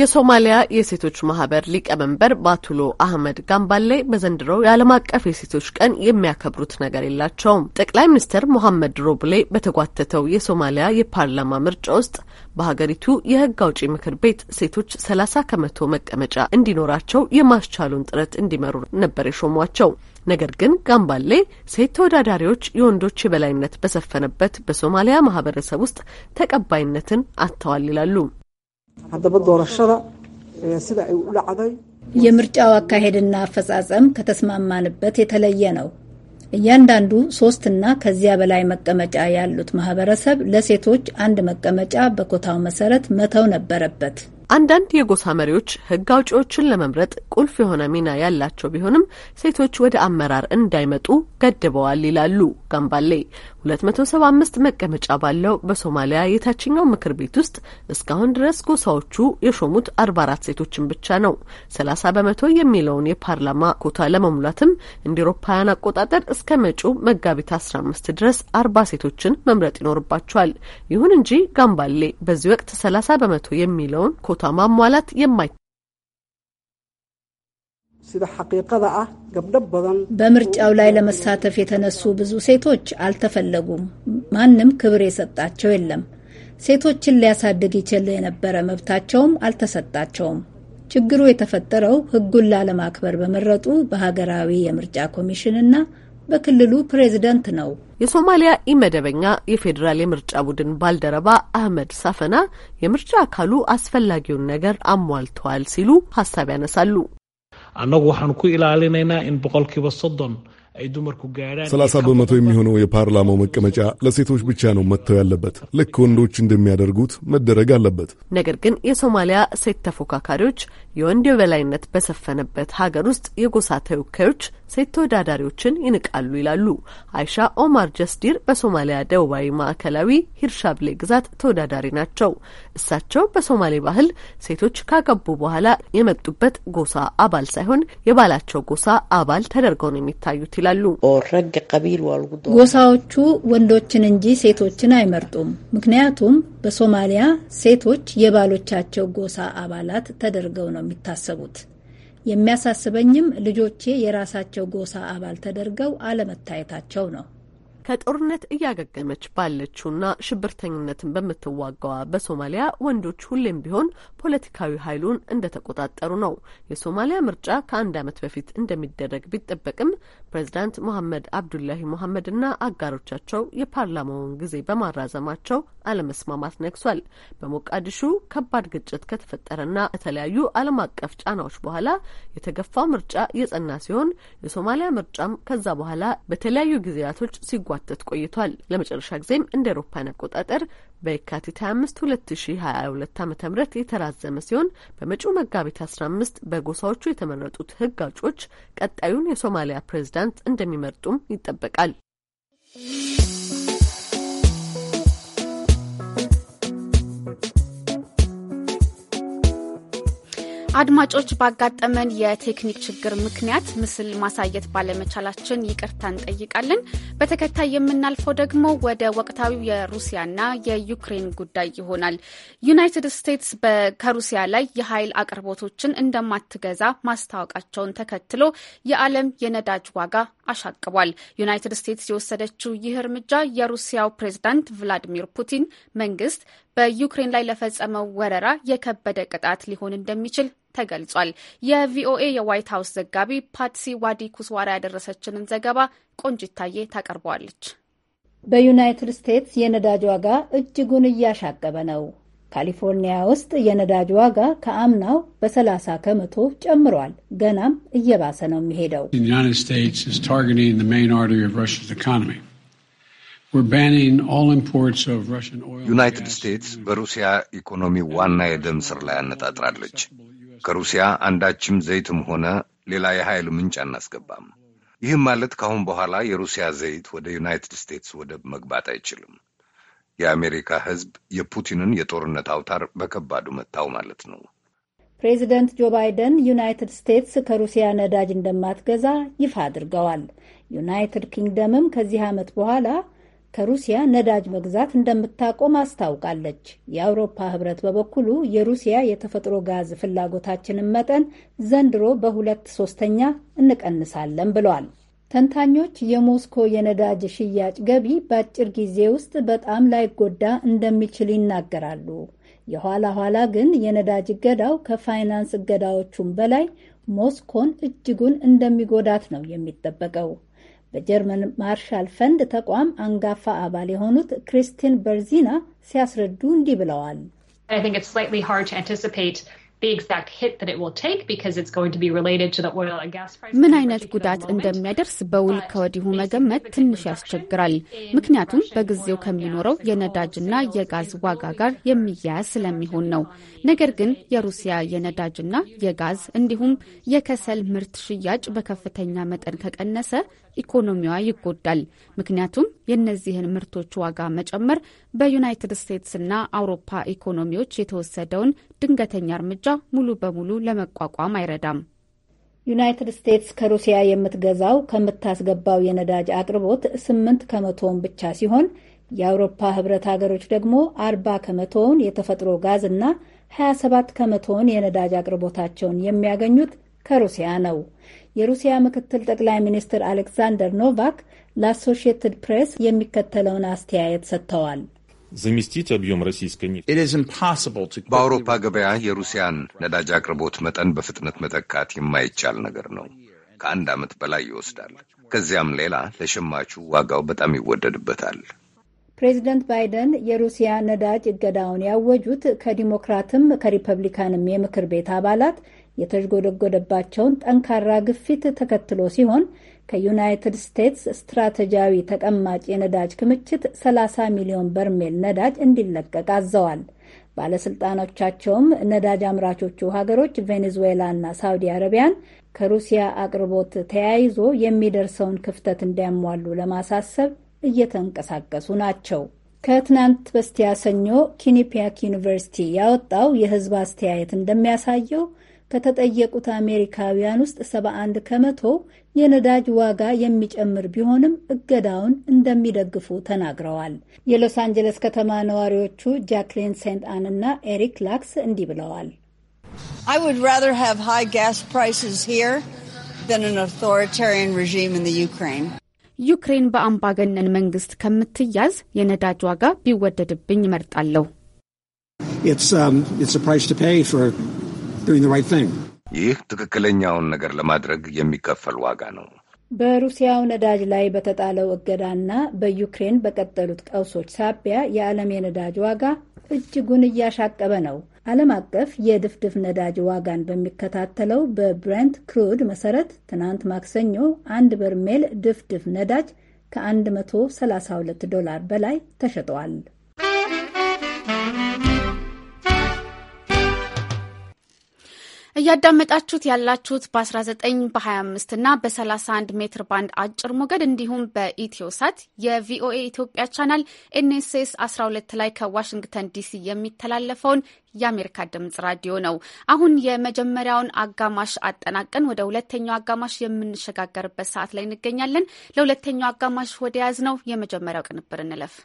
የሶማሊያ የሴቶች ማህበር ሊቀመንበር ባቱሎ አህመድ ጋምባሌ በዘንድሮው የዓለም አቀፍ የሴቶች ቀን የሚያከብሩት ነገር የላቸውም። ጠቅላይ ሚኒስትር ሞሐመድ ሮብሌ በተጓተተው የሶማሊያ የፓርላማ ምርጫ ውስጥ በሀገሪቱ የህግ አውጪ ምክር ቤት ሴቶች ሰላሳ ከመቶ መቀመጫ እንዲኖራቸው የማስቻሉን ጥረት እንዲመሩ ነበር የሾሟቸው። ነገር ግን ጋምባሌ ሴት ተወዳዳሪዎች የወንዶች የበላይነት በሰፈነበት በሶማሊያ ማህበረሰብ ውስጥ ተቀባይነትን አጥተዋል ይላሉ። haddaba doorashada sida ay u dhacday የምርጫው አካሄድና አፈጻጸም ከተስማማንበት የተለየ ነው። እያንዳንዱ ሶስትና ከዚያ በላይ መቀመጫ ያሉት ማህበረሰብ ለሴቶች አንድ መቀመጫ በኮታው መሰረት መተው ነበረበት። አንዳንድ የጎሳ መሪዎች ሕግ አውጪዎችን ለመምረጥ ቁልፍ የሆነ ሚና ያላቸው ቢሆንም ሴቶች ወደ አመራር እንዳይመጡ ገድበዋል ይላሉ ጋምባሌ። 275 መቀመጫ ባለው በሶማሊያ የታችኛው ምክር ቤት ውስጥ እስካሁን ድረስ ጎሳዎቹ የሾሙት 44 ሴቶችን ብቻ ነው። 30 በመቶ የሚለውን የፓርላማ ኮታ ለመሙላትም እንደ ኤሮፓውያን አቆጣጠር እስከ መጪው መጋቢት 15 ድረስ 40 ሴቶችን መምረጥ ይኖርባቸዋል። ይሁን እንጂ ጋምባሌ በዚህ ወቅት 30 በመቶ የሚለውን ኮታ ማሟላት የማይ Ah, በምርጫው ላይ ለመሳተፍ የተነሱ ብዙ ሴቶች አልተፈለጉም። ማንም ክብር የሰጣቸው የለም። ሴቶችን ሊያሳድግ ይችል የነበረ መብታቸውም አልተሰጣቸውም። ችግሩ የተፈጠረው ሕጉን ላለማክበር በመረጡ በሀገራዊ የምርጫ ኮሚሽንና በክልሉ ፕሬዝደንት ነው። የሶማሊያ ኢመደበኛ የፌዴራል የምርጫ ቡድን ባልደረባ አህመድ ሳፈና የምርጫ አካሉ አስፈላጊውን ነገር አሟልተዋል ሲሉ ሀሳብ ያነሳሉ። annagu waxaan ku ilaalinaynaa in boqolkiiba soddon ay dumarku gaadhaan ሰላሳ በመቶ የሚሆነው የፓርላማው መቀመጫ ለሴቶች ብቻ ነው መጥተው ያለበት። ልክ ወንዶች እንደሚያደርጉት መደረግ አለበት። ነገር ግን የሶማሊያ ሴት ተፎካካሪዎች የወንድ የበላይነት በሰፈነበት ሀገር ውስጥ የጎሳ ተወካዮች ሴት ተወዳዳሪዎችን ይንቃሉ ይላሉ። አይሻ ኦማር ጀስዲር በሶማሊያ ደቡባዊ ማዕከላዊ ሂርሻብሌ ግዛት ተወዳዳሪ ናቸው። እሳቸው በሶማሌ ባህል ሴቶች ካገቡ በኋላ የመጡበት ጎሳ አባል ሳይሆን የባላቸው ጎሳ አባል ተደርገው ነው የሚታዩት ይላሉ። ጎሳዎቹ ወንዶችን እንጂ ሴቶችን አይመርጡም። ምክንያቱም በሶማሊያ ሴቶች የባሎቻቸው ጎሳ አባላት ተደርገው ነው የሚታሰቡት። የሚያሳስበኝም ልጆቼ የራሳቸው ጎሳ አባል ተደርገው አለመታየታቸው ነው። ከጦርነት እያገገመች ባለችውና ሽብርተኝነትን በምትዋጋዋ በሶማሊያ ወንዶች ሁሌም ቢሆን ፖለቲካዊ ኃይሉን እንደተቆጣጠሩ ነው። የሶማሊያ ምርጫ ከአንድ ዓመት በፊት እንደሚደረግ ቢጠበቅም ፕሬዚዳንት ሞሐመድ አብዱላሂ ሞሐመድና አጋሮቻቸው የፓርላማውን ጊዜ በማራዘማቸው አለመስማማት ነግሷል። በሞቃዲሹ ከባድ ግጭት ከተፈጠረና ከተለያዩ ዓለም አቀፍ ጫናዎች በኋላ የተገፋው ምርጫ የጸና ሲሆን የሶማሊያ ምርጫም ከዛ በኋላ በተለያዩ ጊዜያቶች ሲጓተት ቆይቷል። ለመጨረሻ ጊዜም እንደ ኤሮፓን አቆጣጠር በየካቲት 25 2022 ዓ ም የተራዘመ ሲሆን በመጪው መጋቢት 15 በጎሳዎቹ የተመረጡት ህግ አውጮች ቀጣዩን የሶማሊያ ፕሬዚዳንት እንደሚመርጡም ይጠበቃል። አድማጮች ባጋጠመን የቴክኒክ ችግር ምክንያት ምስል ማሳየት ባለመቻላችን ይቅርታ እንጠይቃለን። በተከታይ የምናልፈው ደግሞ ወደ ወቅታዊው የሩሲያና የዩክሬን ጉዳይ ይሆናል። ዩናይትድ ስቴትስ ከሩሲያ ላይ የኃይል አቅርቦቶችን እንደማትገዛ ማስታወቃቸውን ተከትሎ የዓለም የነዳጅ ዋጋ አሻቅቧል። ዩናይትድ ስቴትስ የወሰደችው ይህ እርምጃ የሩሲያው ፕሬዝዳንት ቭላዲሚር ፑቲን መንግስት በዩክሬን ላይ ለፈጸመው ወረራ የከበደ ቅጣት ሊሆን እንደሚችል ተገልጿል። የቪኦኤ የዋይት ሀውስ ዘጋቢ ፓትሲ ዋዲ ኩስዋራ ያደረሰችንን ዘገባ ቆንጅታዬ ታቀርበዋለች። በዩናይትድ ስቴትስ የነዳጅ ዋጋ እጅጉን እያሻቀበ ነው። ካሊፎርኒያ ውስጥ የነዳጅ ዋጋ ከአምናው በ30 ከመቶ ጨምሯል። ገናም እየባሰ ነው የሚሄደው። ዩናይትድ ስቴትስ በሩሲያ ኢኮኖሚ ዋና የደም ስር ላይ አነጣጥራለች። ከሩሲያ አንዳችም ዘይትም ሆነ ሌላ የኃይል ምንጭ አናስገባም። ይህም ማለት ከአሁን በኋላ የሩሲያ ዘይት ወደ ዩናይትድ ስቴትስ ወደብ መግባት አይችልም። የአሜሪካ ሕዝብ የፑቲንን የጦርነት አውታር በከባዱ መታው ማለት ነው። ፕሬዚደንት ጆ ባይደን ዩናይትድ ስቴትስ ከሩሲያ ነዳጅ እንደማትገዛ ይፋ አድርገዋል። ዩናይትድ ኪንግደምም ከዚህ ዓመት በኋላ ከሩሲያ ነዳጅ መግዛት እንደምታቆም አስታውቃለች። የአውሮፓ ህብረት በበኩሉ የሩሲያ የተፈጥሮ ጋዝ ፍላጎታችንን መጠን ዘንድሮ በሁለት ሶስተኛ እንቀንሳለን ብሏል። ተንታኞች የሞስኮ የነዳጅ ሽያጭ ገቢ በአጭር ጊዜ ውስጥ በጣም ላይጎዳ እንደሚችል ይናገራሉ። የኋላ ኋላ ግን የነዳጅ እገዳው ከፋይናንስ እገዳዎቹም በላይ ሞስኮን እጅጉን እንደሚጎዳት ነው የሚጠበቀው። በጀርመን ማርሻል ፈንድ ተቋም አንጋፋ አባል የሆኑት ክሪስቲን በርዚና ሲያስረዱ እንዲህ ብለዋል። ምን አይነት ጉዳት እንደሚያደርስ በውል ከወዲሁ መገመት ትንሽ ያስቸግራል። ምክንያቱም በጊዜው ከሚኖረው የነዳጅና የጋዝ ዋጋ ጋር የሚያያዝ ስለሚሆን ነው። ነገር ግን የሩሲያ የነዳጅና የጋዝ እንዲሁም የከሰል ምርት ሽያጭ በከፍተኛ መጠን ከቀነሰ ኢኮኖሚዋ ይጎዳል። ምክንያቱም የእነዚህን ምርቶች ዋጋ መጨመር በዩናይትድ ስቴትስና አውሮፓ ኢኮኖሚዎች የተወሰደውን ድንገተኛ እርምጃ እርምጃ ሙሉ በሙሉ ለመቋቋም አይረዳም። ዩናይትድ ስቴትስ ከሩሲያ የምትገዛው ከምታስገባው የነዳጅ አቅርቦት ስምንት ከመቶውን ብቻ ሲሆን የአውሮፓ ህብረት ሀገሮች ደግሞ አርባ ከመቶውን የተፈጥሮ ጋዝ እና 27 ከመቶውን የነዳጅ አቅርቦታቸውን የሚያገኙት ከሩሲያ ነው። የሩሲያ ምክትል ጠቅላይ ሚኒስትር አሌክዛንደር ኖቫክ ለአሶሺየትድ ፕሬስ የሚከተለውን አስተያየት ሰጥተዋል። заместить объем российской нефти. በአውሮፓ ገበያ የሩሲያን ነዳጅ አቅርቦት መጠን በፍጥነት መተካት የማይቻል ነገር ነው። ከአንድ ዓመት በላይ ይወስዳል። ከዚያም ሌላ ለሸማቹ ዋጋው በጣም ይወደድበታል። ፕሬዚደንት ባይደን የሩሲያ ነዳጅ እገዳውን ያወጁት ከዲሞክራትም ከሪፐብሊካንም የምክር ቤት አባላት የተዥጎደጎደባቸውን ጠንካራ ግፊት ተከትሎ ሲሆን ከዩናይትድ ስቴትስ ስትራቴጂያዊ ተቀማጭ የነዳጅ ክምችት 30 ሚሊዮን በርሜል ነዳጅ እንዲለቀቅ አዘዋል። ባለስልጣኖቻቸውም ነዳጅ አምራቾቹ ሀገሮች ቬኔዙዌላና ሳውዲ አረቢያን ከሩሲያ አቅርቦት ተያይዞ የሚደርሰውን ክፍተት እንዲያሟሉ ለማሳሰብ እየተንቀሳቀሱ ናቸው። ከትናንት በስቲያ ሰኞ ኪኒፒያክ ዩኒቨርሲቲ ያወጣው የሕዝብ አስተያየት እንደሚያሳየው ከተጠየቁት አሜሪካውያን ውስጥ 71 ከመቶ የነዳጅ ዋጋ የሚጨምር ቢሆንም እገዳውን እንደሚደግፉ ተናግረዋል። የሎስ አንጀለስ ከተማ ነዋሪዎቹ ጃክሊን ሴንት አን እና ኤሪክ ላክስ እንዲህ ብለዋል። ዩክሬን በአምባገነን መንግስት ከምትያዝ የነዳጅ ዋጋ ቢወደድብኝ እመርጣለሁ። um, ይህ ትክክለኛውን ነገር ለማድረግ የሚከፈል ዋጋ ነው። በሩሲያው ነዳጅ ላይ በተጣለው እገዳና በዩክሬን በቀጠሉት ቀውሶች ሳቢያ የዓለም የነዳጅ ዋጋ እጅጉን እያሻቀበ ነው። ዓለም አቀፍ የድፍድፍ ነዳጅ ዋጋን በሚከታተለው በብረንት ክሩድ መሰረት ትናንት ማክሰኞ አንድ በርሜል ድፍድፍ ነዳጅ ከ132 ዶላር በላይ ተሸጠዋል። እያዳመጣችሁት ያላችሁት በ19 በ25 እና በ31 ሜትር ባንድ አጭር ሞገድ እንዲሁም በኢትዮ ሳት የቪኦኤ ኢትዮጵያ ቻናል ኤንኤስኤስ 12 ላይ ከዋሽንግተን ዲሲ የሚተላለፈውን የአሜሪካ ድምጽ ራዲዮ ነው። አሁን የመጀመሪያውን አጋማሽ አጠናቀን ወደ ሁለተኛው አጋማሽ የምንሸጋገርበት ሰዓት ላይ እንገኛለን። ለሁለተኛው አጋማሽ ወደ ያዝ ነው የመጀመሪያው ቅንብር እንለፍ።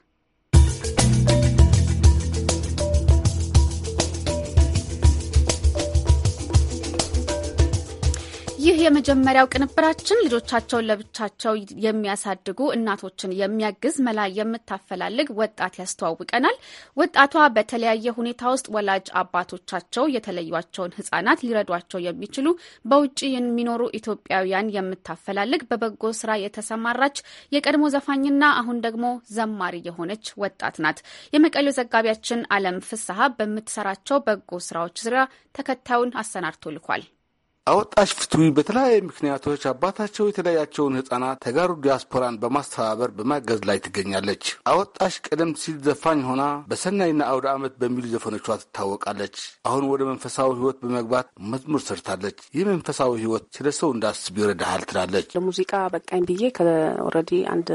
ይህ የመጀመሪያው ቅንብራችን ልጆቻቸውን ለብቻቸው የሚያሳድጉ እናቶችን የሚያግዝ መላ የምታፈላልግ ወጣት ያስተዋውቀናል። ወጣቷ በተለያየ ሁኔታ ውስጥ ወላጅ አባቶቻቸው የተለዩቸውን ሕጻናት ሊረዷቸው የሚችሉ በውጭ የሚኖሩ ኢትዮጵያውያን የምታፈላልግ በበጎ ስራ የተሰማራች የቀድሞ ዘፋኝና አሁን ደግሞ ዘማሪ የሆነች ወጣት ናት። የመቀሌው ዘጋቢያችን አለም ፍስሀ በምትሰራቸው በጎ ስራዎች ዙሪያ ተከታዩን አሰናድቶ ልኳል። አወጣሽ ፍትዊ በተለያዩ ምክንያቶች አባታቸው የተለያቸውን ህጻናት ተጋሩ ዲያስፖራን በማስተባበር በማገዝ ላይ ትገኛለች። አወጣሽ ቀደም ሲል ዘፋኝ ሆና በሰናይና አውደ ዓመት በሚሉ ዘፈኖቿ ትታወቃለች። አሁን ወደ መንፈሳዊ ህይወት በመግባት መዝሙር ሰርታለች። ይህ መንፈሳዊ ህይወት ስለ ሰው እንዳስብ ይረዳሃል ትላለች። ለሙዚቃ በቃኝ ብዬ ከኦልሬዲ አንድ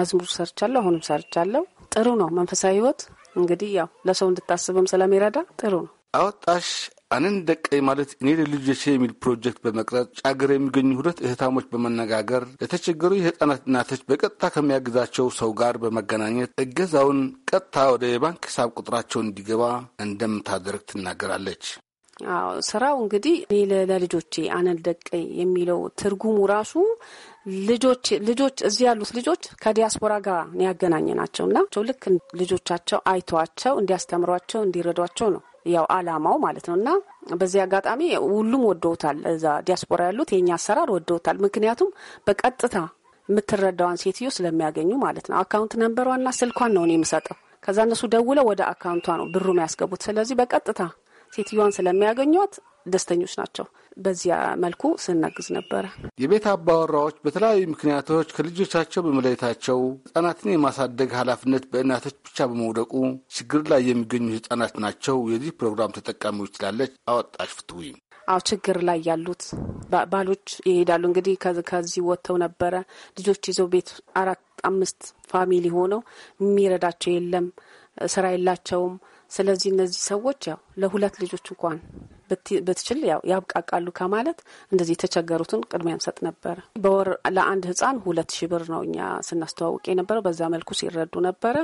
መዝሙር ሰርቻለሁ፣ አሁንም ሰርቻለሁ። ጥሩ ነው መንፈሳዊ ህይወት እንግዲህ ያው ለሰው እንድታስብም ስለሚረዳ ጥሩ ነው። አወጣሽ ጣኔን ደቀይ ማለት እኔ ለልጆቼ የሚል ፕሮጀክት በመቅረጽ ጫገር የሚገኙ ሁለት እህታሞች በመነጋገር ለተቸገሩ የህፃናት እናቶች በቀጥታ ከሚያግዛቸው ሰው ጋር በመገናኘት እገዛውን ቀጥታ ወደ የባንክ ሂሳብ ቁጥራቸው እንዲገባ እንደምታደርግ ትናገራለች። አዎ ስራው እንግዲህ እኔ ለልጆቼ አነል ደቀይ የሚለው ትርጉሙ ራሱ ልጆች ልጆች እዚህ ያሉት ልጆች ከዲያስፖራ ጋር ያገናኘ ናቸው እና ልክ ልጆቻቸው አይተዋቸው እንዲያስተምሯቸው እንዲረዷቸው ነው ያው አላማው ማለት ነው እና በዚህ አጋጣሚ ሁሉም ወደውታል። እዛ ዲያስፖራ ያሉት የእኛ አሰራር ወደውታል። ምክንያቱም በቀጥታ የምትረዳዋን ሴትዮ ስለሚያገኙ ማለት ነው። አካውንት ነንበሯና ስልኳን ነው እኔ የምሰጠው። ከዛ እነሱ ደውለው ወደ አካውንቷ ነው ብሩ የሚያስገቡት። ስለዚህ በቀጥታ ሴትዮዋን ስለሚያገኟት ደስተኞች ናቸው። በዚያ መልኩ ስናግዝ ነበረ። የቤት አባወራዎች በተለያዩ ምክንያቶች ከልጆቻቸው በመለየታቸው ህጻናትን የማሳደግ ኃላፊነት በእናቶች ብቻ በመውደቁ ችግር ላይ የሚገኙ ህጻናት ናቸው የዚህ ፕሮግራም ተጠቃሚዎች ትላለች አወጣሽ ፍትዊ። አዎ ችግር ላይ ያሉት ባሎች ይሄዳሉ እንግዲህ ከዚህ ወጥተው ነበረ ልጆች ይዘው ቤት አራት አምስት ፋሚሊ ሆነው የሚረዳቸው የለም ስራ የላቸውም ስለዚህ እነዚህ ሰዎች ያው ለሁለት ልጆች እንኳን ብትችል ያው ያብቃቃሉ ከማለት እንደዚህ የተቸገሩትን ቅድሚያ እንሰጥ ነበረ። በወር ለአንድ ህጻን ሁለት ሺህ ብር ነው እኛ ስናስተዋውቅ የነበረው። በዛ መልኩ ሲረዱ ነበረ።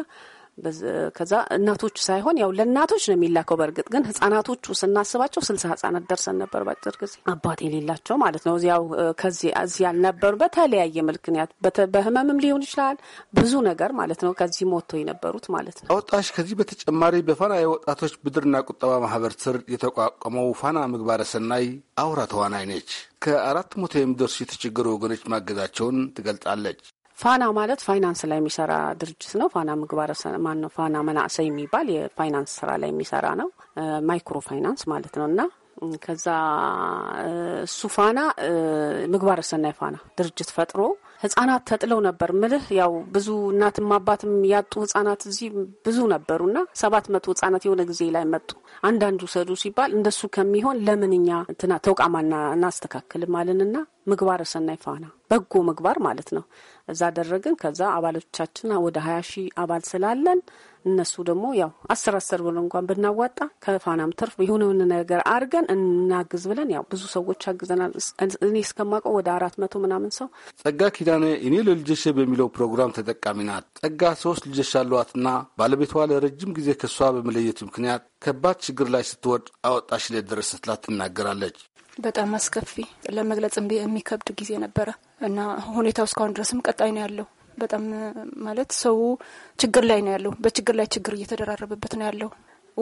ከዛ እናቶች ሳይሆን ያው ለእናቶች ነው የሚላከው። በእርግጥ ግን ህጻናቶቹ ስናስባቸው ስልሳ ህጻናት ደርሰን ነበር በአጭር ጊዜ አባት የሌላቸው ማለት ነው። እዚያው ከዚህ እዚህ ያልነበሩ በተለያየ ምክንያት በህመምም ሊሆን ይችላል ብዙ ነገር ማለት ነው። ከዚህ ሞቶ የነበሩት ማለት ነው። አወጣሽ ከዚህ በተጨማሪ በፋና የወጣቶች ብድርና ቁጠባ ማህበር ስር የተቋቋመው ፋና ምግባረ ሰናይ አውራ ተዋናይ ነች። ከአራት መቶ የሚደርሱ የተቸገሩ ወገኖች ማገዛቸውን ትገልጻለች። ፋና ማለት ፋይናንስ ላይ የሚሰራ ድርጅት ነው። ፋና ምግባረ ማን ነው? ፋና መናእሰ የሚባል የፋይናንስ ስራ ላይ የሚሰራ ነው። ማይክሮ ፋይናንስ ማለት ነው እና ከዛ እሱ ፋና ምግባረ ሰናይ ፋና ድርጅት ፈጥሮ ህጻናት ተጥለው ነበር ምልህ ያው ብዙ እናትም አባትም ያጡ ህጻናት እዚህ ብዙ ነበሩና ሰባት መቶ ህጻናት የሆነ ጊዜ ላይ መጡ። አንዳንዱ ሰዱ ሲባል እንደሱ ከሚሆን ለምንኛ እንትና ተውቃማና እናስተካክልም አልንና ምግባረ ሰናይ ፋና በጎ ምግባር ማለት ነው እዛ አደረግን። ከዛ አባሎቻችን ወደ ሀያ ሺህ አባል ስላለን እነሱ ደግሞ ያው አስር አስር ብር እንኳን ብናዋጣ ከፋናም ትርፍ የሆነውን ነገር አድርገን እናግዝ ብለን ያው ብዙ ሰዎች አግዘናል። እኔ እስከማውቀው ወደ አራት መቶ ምናምን ሰው። ጸጋ ኪዳኔ እኔ ለልጆቼ በሚለው ፕሮግራም ተጠቃሚ ናት። ጸጋ ሶስት ልጆች አሏትና ባለቤቷ ለረጅም ጊዜ ከሷ በመለየቱ ምክንያት ከባድ ችግር ላይ ስትወድ አወጣሽ ለደረሰላት ትናገራለች። በጣም አስከፊ ለመግለጽ የሚከብድ ጊዜ ነበረ እና ሁኔታው እስካሁን ድረስም ቀጣይ ነው ያለው። በጣም ማለት ሰው ችግር ላይ ነው ያለው። በችግር ላይ ችግር እየተደራረበበት ነው ያለው።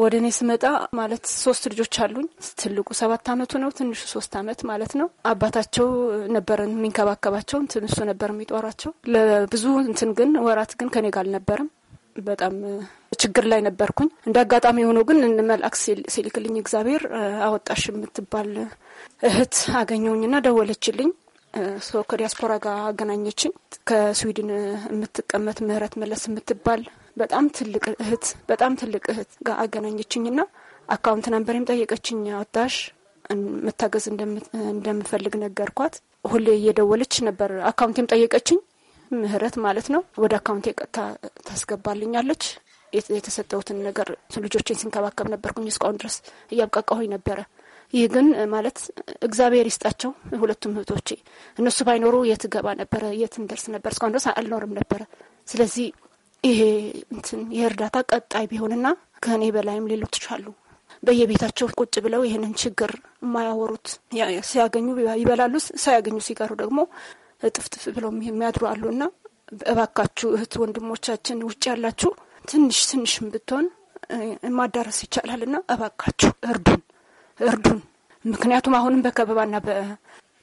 ወደ እኔ ስመጣ ማለት ሶስት ልጆች አሉኝ። ትልቁ ሰባት አመቱ ነው፣ ትንሹ ሶስት አመት ማለት ነው። አባታቸው ነበረን የሚንከባከባቸው፣ ትንሱ ነበር የሚጦራቸው። ለብዙ እንትን ግን ወራት ግን ከኔ ጋር አልነበረም። በጣም ችግር ላይ ነበርኩኝ። እንደ አጋጣሚ ሆኖ ግን መልአክ ሲልክልኝ እግዚአብሔር አወጣሽ የምትባል እህት አገኘውኝና ደወለችልኝ። ከዲያስፖራ ጋር አገናኘችኝ። ከስዊድን የምትቀመጥ ምህረት መለስ የምትባል በጣም ትልቅ እህት በጣም ትልቅ እህት ጋር አገናኘችኝና አካውንት ነንበሬም ጠየቀችኝ። አወጣሽ መታገዝ እንደምፈልግ ነገርኳት። ሁሌ እየደወለች ነበር። አካውንቴም ጠየቀችኝ፣ ምህረት ማለት ነው። ወደ አካውንቴ ቀጥታ ታስገባልኛለች። የተሰጠውትን ነገር ልጆቼን ስንከባከብ ነበርኩኝ። እስካሁን ድረስ እያብቃቃሁኝ ነበረ። ይህ ግን ማለት እግዚአብሔር ይስጣቸው ሁለቱም እህቶቼ። እነሱ ባይኖሩ የት ገባ ነበረ? የት እንደርስ ነበር? እስካሁን ድረስ አልኖርም ነበረ። ስለዚህ ይሄ እንትን የእርዳታ ቀጣይ ቢሆንና ከእኔ በላይም ሌሎች አሉ በየቤታቸው ቁጭ ብለው ይህንን ችግር የማያወሩት ሲያገኙ ይበላሉ፣ ሳያገኙ ሲቀሩ ደግሞ ጥፍጥፍ ብለው የሚያድሩ አሉና እባካችሁ እህት ወንድሞቻችን ውጭ ያላችሁ ትንሽ ትንሽም ብትሆን ማዳረስ ይቻላልና እባካችሁ እርዱን። እርዱን። ምክንያቱም አሁንም በከበባና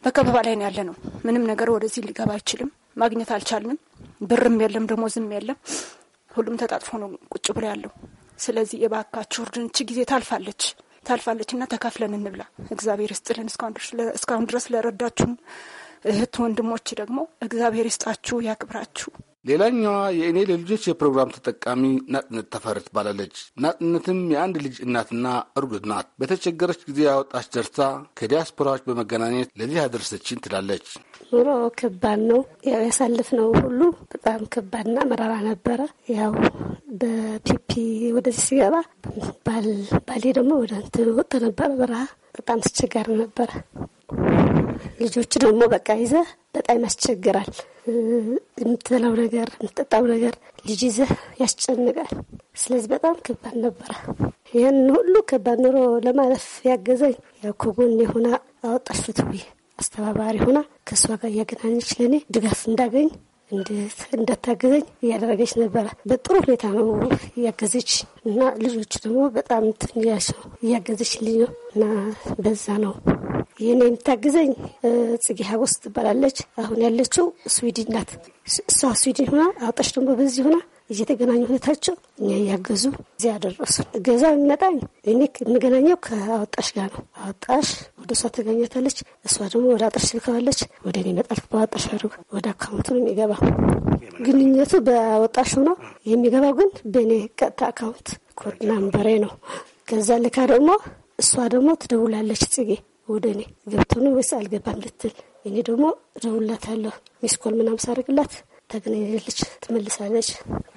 በከበባ ላይ ነው ያለ ነው። ምንም ነገር ወደዚህ ሊገባ አይችልም። ማግኘት አልቻልንም። ብርም የለም፣ ደሞዝም የለም። ሁሉም ተጣጥፎ ነው ቁጭ ብሎ ያለው። ስለዚህ የባካችሁ እርዱን። እቺ ጊዜ ታልፋለች ታልፋለች እና ተካፍለን እንብላ። እግዚአብሔር ይስጥልን። እስካሁን ድረስ ለረዳችሁን እህት ወንድሞች ደግሞ እግዚአብሔር ይስጣችሁ፣ ያክብራችሁ። ሌላኛዋ የእኔ ለልጆች የፕሮግራም ተጠቃሚ ናጥነት ተፈሪ ትባላለች። ናጥነትም የአንድ ልጅ እናትና እርጉዝ ናት። በተቸገረች ጊዜ ያወጣች ደርሳ ከዲያስፖራዎች በመገናኘት ለዚህ አደረሰችን ትላለች። ኑሮ ከባድ ነው። ያው ያሳልፍ ነው ሁሉ በጣም ከባድና መራራ ነበረ። ያው በፒፒ ወደዚህ ሲገባ ባሌ ደግሞ ወደ እንትን ወጥቶ ነበረ። በረሃ በጣም ስቸጋሪ ነበረ። ልጆች ደግሞ በቃ ይዘህ በጣም ያስቸግራል። የምትበላው ነገር የምትጠጣው ነገር ልጅ ይዘህ ያስጨንቃል። ስለዚህ በጣም ከባድ ነበረ። ይህን ሁሉ ከባድ ኑሮ ለማለፍ ያገዘኝ ያው ከጎን የሆና አወጣፍት አስተባባሪ ሆና ከእሷ ጋር እያገናኘች ለእኔ ድጋፍ እንዳገኝ እንዳታገዘኝ እያደረገች ነበረ። በጥሩ ሁኔታ ነው እያገዘች እና ልጆቹ ደግሞ በጣም ትንያቸው እያገዘች ልኝ ነው እና በዛ ነው ይህን የምታግዘኝ ጽጌ ሀጎስ ትባላለች። አሁን ያለችው ስዊድን ናት። እሷ ስዊድን ሆና አውጣሽ ደግሞ በዚህ ሆና እየተገናኙ ሁኔታቸው እኛ እያገዙ እዚያ ያደረሱ ገዛ የሚመጣኝ እኔ የምገናኘው ከአወጣሽ ጋር ነው። አወጣሽ ወደ እሷ ትገኛታለች። እሷ ደግሞ ወደ አወጣሽ ትልከዋለች። ወደ እኔ ይመጣል። በአወጣሽ አድርጎ ወደ አካውንቱ ነው የሚገባ። ግንኙነቱ በአወጣሽ ሆኖ የሚገባው ግን በእኔ ቀጥታ አካውንት ኮድ ናምበሬ ነው። ከዛ ልካ ደግሞ እሷ ደግሞ ትደውላለች ጽጌ ወደ እኔ ገብቶ ወይስ አልገባም ልትል፣ እኔ ደግሞ እደውልላታለሁ። ሚስኮል ምናምን ሳደርግላት ታገናኛለች፣ ትመልሳለች።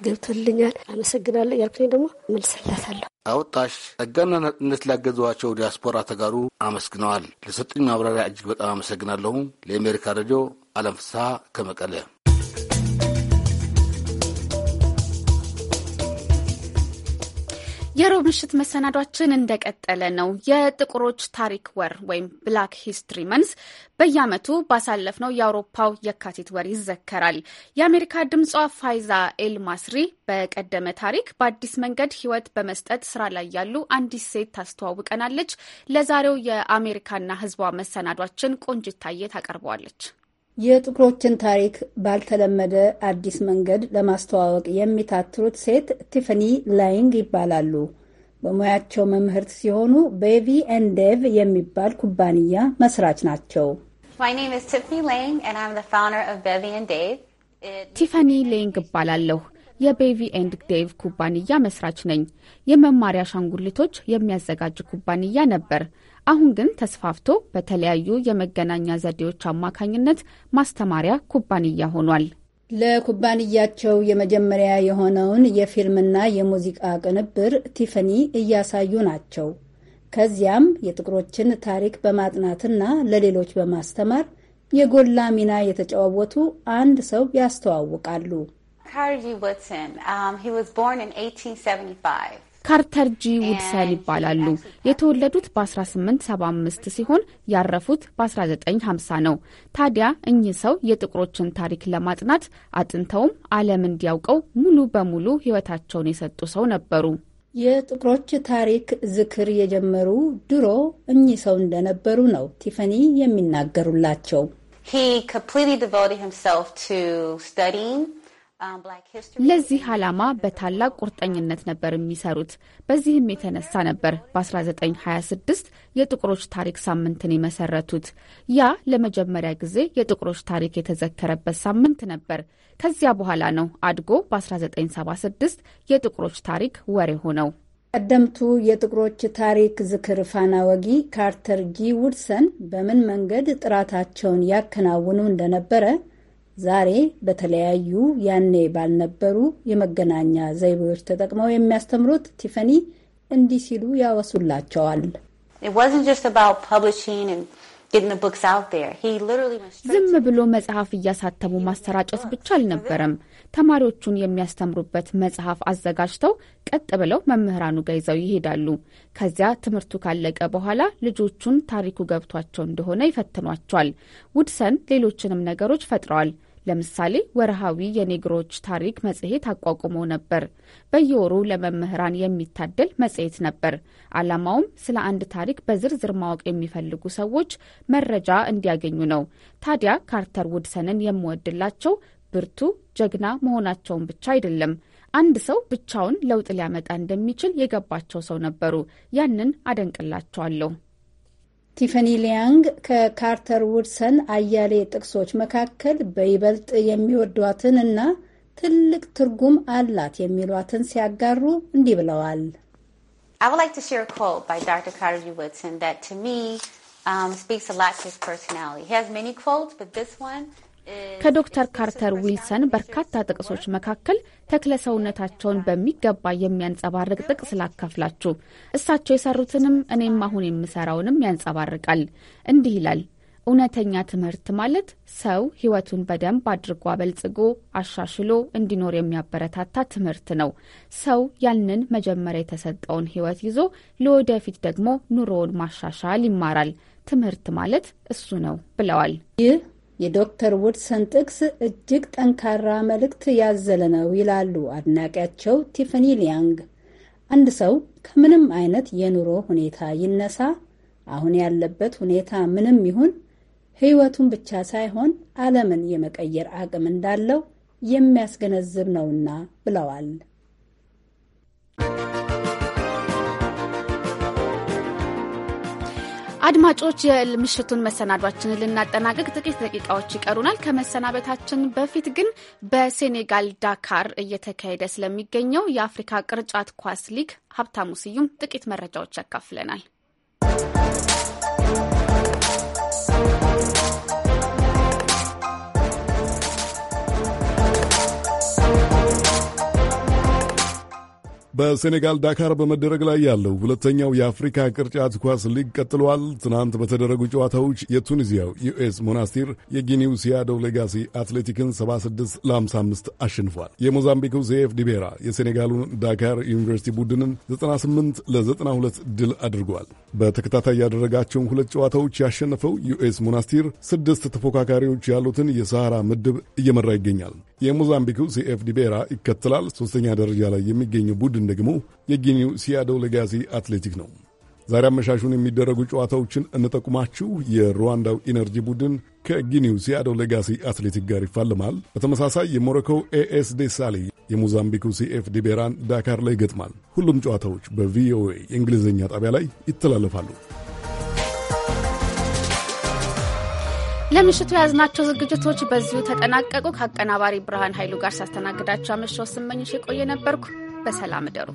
ገብቶልኛል፣ አመሰግናለሁ ያልኩኝ ደግሞ እመልስላታለሁ። አወጣሽ ጸጋና ነጥነት ላገዘዋቸው ዲያስፖራ ተጋሩ አመስግነዋል። ለሰጡኝ ማብራሪያ እጅግ በጣም አመሰግናለሁ። ለአሜሪካ ሬዲዮ አለም ፍስሐ ከመቀለ የሮብ ምሽት መሰናዷችን እንደቀጠለ ነው። የጥቁሮች ታሪክ ወር ወይም ብላክ ሂስትሪ መንስ በየዓመቱ ባሳለፍነው የአውሮፓው የካቲት ወር ይዘከራል። የአሜሪካ ድምጿ ፋይዛ ኤል ማስሪ በቀደመ ታሪክ በአዲስ መንገድ ሕይወት በመስጠት ስራ ላይ ያሉ አንዲት ሴት ታስተዋውቀናለች። ለዛሬው የአሜሪካና ሕዝቧ መሰናዷችን ቆንጅታዬ ታቀርበዋለች። የጥቁሮችን ታሪክ ባልተለመደ አዲስ መንገድ ለማስተዋወቅ የሚታትሩት ሴት ቲፈኒ ላይንግ ይባላሉ። በሙያቸው መምህርት ሲሆኑ ቤቢ ዴቭ የሚባል ኩባንያ መስራች ናቸው። ቲፈኒ ሌንግ እባላለሁ። የቤቪ ኤንድ ዴቭ ኩባንያ መስራች ነኝ። የመማሪያ አሻንጉሊቶች የሚያዘጋጅ ኩባንያ ነበር። አሁን ግን ተስፋፍቶ በተለያዩ የመገናኛ ዘዴዎች አማካኝነት ማስተማሪያ ኩባንያ ሆኗል። ለኩባንያቸው የመጀመሪያ የሆነውን የፊልምና የሙዚቃ ቅንብር ቲፈኒ እያሳዩ ናቸው። ከዚያም የጥቁሮችን ታሪክ በማጥናትና ለሌሎች በማስተማር የጎላ ሚና የተጫወቱ አንድ ሰው ያስተዋውቃሉ። ሃርቪ ዊትሰን ካርተር ጂ ውድሰን ይባላሉ። የተወለዱት በ1875 ሲሆን ያረፉት በ1950 ነው። ታዲያ እኚህ ሰው የጥቁሮችን ታሪክ ለማጥናት አጥንተውም ዓለም እንዲያውቀው ሙሉ በሙሉ ሕይወታቸውን የሰጡ ሰው ነበሩ። የጥቁሮች ታሪክ ዝክር የጀመሩ ድሮ እኚህ ሰው እንደነበሩ ነው ቲፈኒ የሚናገሩላቸው። He completely devoted himself to studying Um, ለዚህ ዓላማ በታላቅ ቁርጠኝነት ነበር የሚሰሩት። በዚህም የተነሳ ነበር በ1926 የጥቁሮች ታሪክ ሳምንትን የመሰረቱት። ያ ለመጀመሪያ ጊዜ የጥቁሮች ታሪክ የተዘከረበት ሳምንት ነበር። ከዚያ በኋላ ነው አድጎ በ1976 የጥቁሮች ታሪክ ወር የሆነው። ቀደምቱ የጥቁሮች ታሪክ ዝክር ፋና ወጊ ካርተር ጊ ውድሰን በምን መንገድ ጥራታቸውን ያከናውኑ እንደነበረ ዛሬ በተለያዩ ያኔ ባልነበሩ የመገናኛ ዘይቤዎች ተጠቅመው የሚያስተምሩት ቲፈኒ እንዲህ ሲሉ ያወሱላቸዋል። ዝም ብሎ መጽሐፍ እያሳተሙ ማሰራጨት ብቻ አልነበረም። ተማሪዎቹን የሚያስተምሩበት መጽሐፍ አዘጋጅተው ቀጥ ብለው መምህራኑ ገይዘው ይዘው ይሄዳሉ። ከዚያ ትምህርቱ ካለቀ በኋላ ልጆቹን ታሪኩ ገብቷቸው እንደሆነ ይፈትኗቸዋል። ውድሰን ሌሎችንም ነገሮች ፈጥረዋል። ለምሳሌ ወርሃዊ የኔግሮች ታሪክ መጽሔት አቋቁሞ ነበር። በየወሩ ለመምህራን የሚታደል መጽሔት ነበር። ዓላማውም ስለ አንድ ታሪክ በዝርዝር ማወቅ የሚፈልጉ ሰዎች መረጃ እንዲያገኙ ነው። ታዲያ ካርተር ውድሰንን የምወድላቸው ብርቱ ጀግና መሆናቸውን ብቻ አይደለም አንድ ሰው ብቻውን ለውጥ ሊያመጣ እንደሚችል የገባቸው ሰው ነበሩ። ያንን አደንቅላቸዋለሁ። ቲፈኒ ሊያንግ ከካርተር ውድሰን አያሌ ጥቅሶች መካከል በይበልጥ የሚወዷትን እና ትልቅ ትርጉም አላት የሚሏትን ሲያጋሩ እንዲህ ብለዋል። ከዶክተር ካርተር ዊልሰን በርካታ ጥቅሶች መካከል ተክለ ሰውነታቸውን በሚገባ የሚያንጸባርቅ ጥቅስ ላካፍላችሁ። እሳቸው የሰሩትንም እኔም አሁን የምሰራውንም ያንጸባርቃል። እንዲህ ይላል እውነተኛ ትምህርት ማለት ሰው ሕይወቱን በደንብ አድርጎ አበልጽጎ አሻሽሎ እንዲኖር የሚያበረታታ ትምህርት ነው። ሰው ያንን መጀመሪያ የተሰጠውን ሕይወት ይዞ ለወደፊት ደግሞ ኑሮውን ማሻሻል ይማራል። ትምህርት ማለት እሱ ነው ብለዋል። ይህ የዶክተር ውድሰን ጥቅስ እጅግ ጠንካራ መልእክት ያዘለ ነው ይላሉ አድናቂያቸው ቲፈኒ ሊያንግ። አንድ ሰው ከምንም አይነት የኑሮ ሁኔታ ይነሳ፣ አሁን ያለበት ሁኔታ ምንም ይሁን፣ ሕይወቱን ብቻ ሳይሆን ዓለምን የመቀየር አቅም እንዳለው የሚያስገነዝብ ነውና ብለዋል። አድማጮች የምሽቱን መሰናዷችን ልናጠናቀቅ ጥቂት ደቂቃዎች ይቀሩናል። ከመሰናበታችን በፊት ግን በሴኔጋል ዳካር እየተካሄደ ስለሚገኘው የአፍሪካ ቅርጫት ኳስ ሊግ ሀብታሙ ስዩም ጥቂት መረጃዎች ያካፍለናል። በሴኔጋል ዳካር በመደረግ ላይ ያለው ሁለተኛው የአፍሪካ ቅርጫት ኳስ ሊግ ቀጥሏል። ትናንት በተደረጉ ጨዋታዎች የቱኒዚያው ዩኤስ ሞናስቲር የጊኒው ሲያዶ ሌጋሲ አትሌቲክን 76 ለ55 አሸንፏል። የሞዛምቢኩ ዜፍ ዲቤራ የሴኔጋሉን ዳካር ዩኒቨርሲቲ ቡድንን 98 ለ92 ድል አድርጓል። በተከታታይ ያደረጋቸውን ሁለት ጨዋታዎች ያሸነፈው ዩኤስ ሞናስቲር ስድስት ተፎካካሪዎች ያሉትን የሰሃራ ምድብ እየመራ ይገኛል። የሞዛምቢኩ ዲቤራ ይከተላል። ሦስተኛ ደረጃ ላይ የሚገኘው ቡድን ደግሞ የጊኒው ሲያዶ ሌጋሲ አትሌቲክ ነው። ዛሬ አመሻሹን የሚደረጉ ጨዋታዎችን እንጠቁማችሁ። የሩዋንዳው ኢነርጂ ቡድን ከጊኒው ሲያዶ ሌጋሲ አትሌቲክ ጋር ይፋልማል። በተመሳሳይ የሞሮኮው ኤኤስዴ ሳሌ የሞዛምቢኩ ዲቤራን ዳካር ላይ ይገጥማል። ሁሉም ጨዋታዎች በቪኦኤ የእንግሊዝኛ ጣቢያ ላይ ይተላለፋሉ። ለምሽቱ የያዝናቸው ዝግጅቶች በዚሁ ተጠናቀቁ። ከአቀናባሪ ብርሃን ኃይሉ ጋር ሳስተናግዳቸው አመሻው ስመኝሽ የቆየ ነበርኩ። በሰላም እደሩ።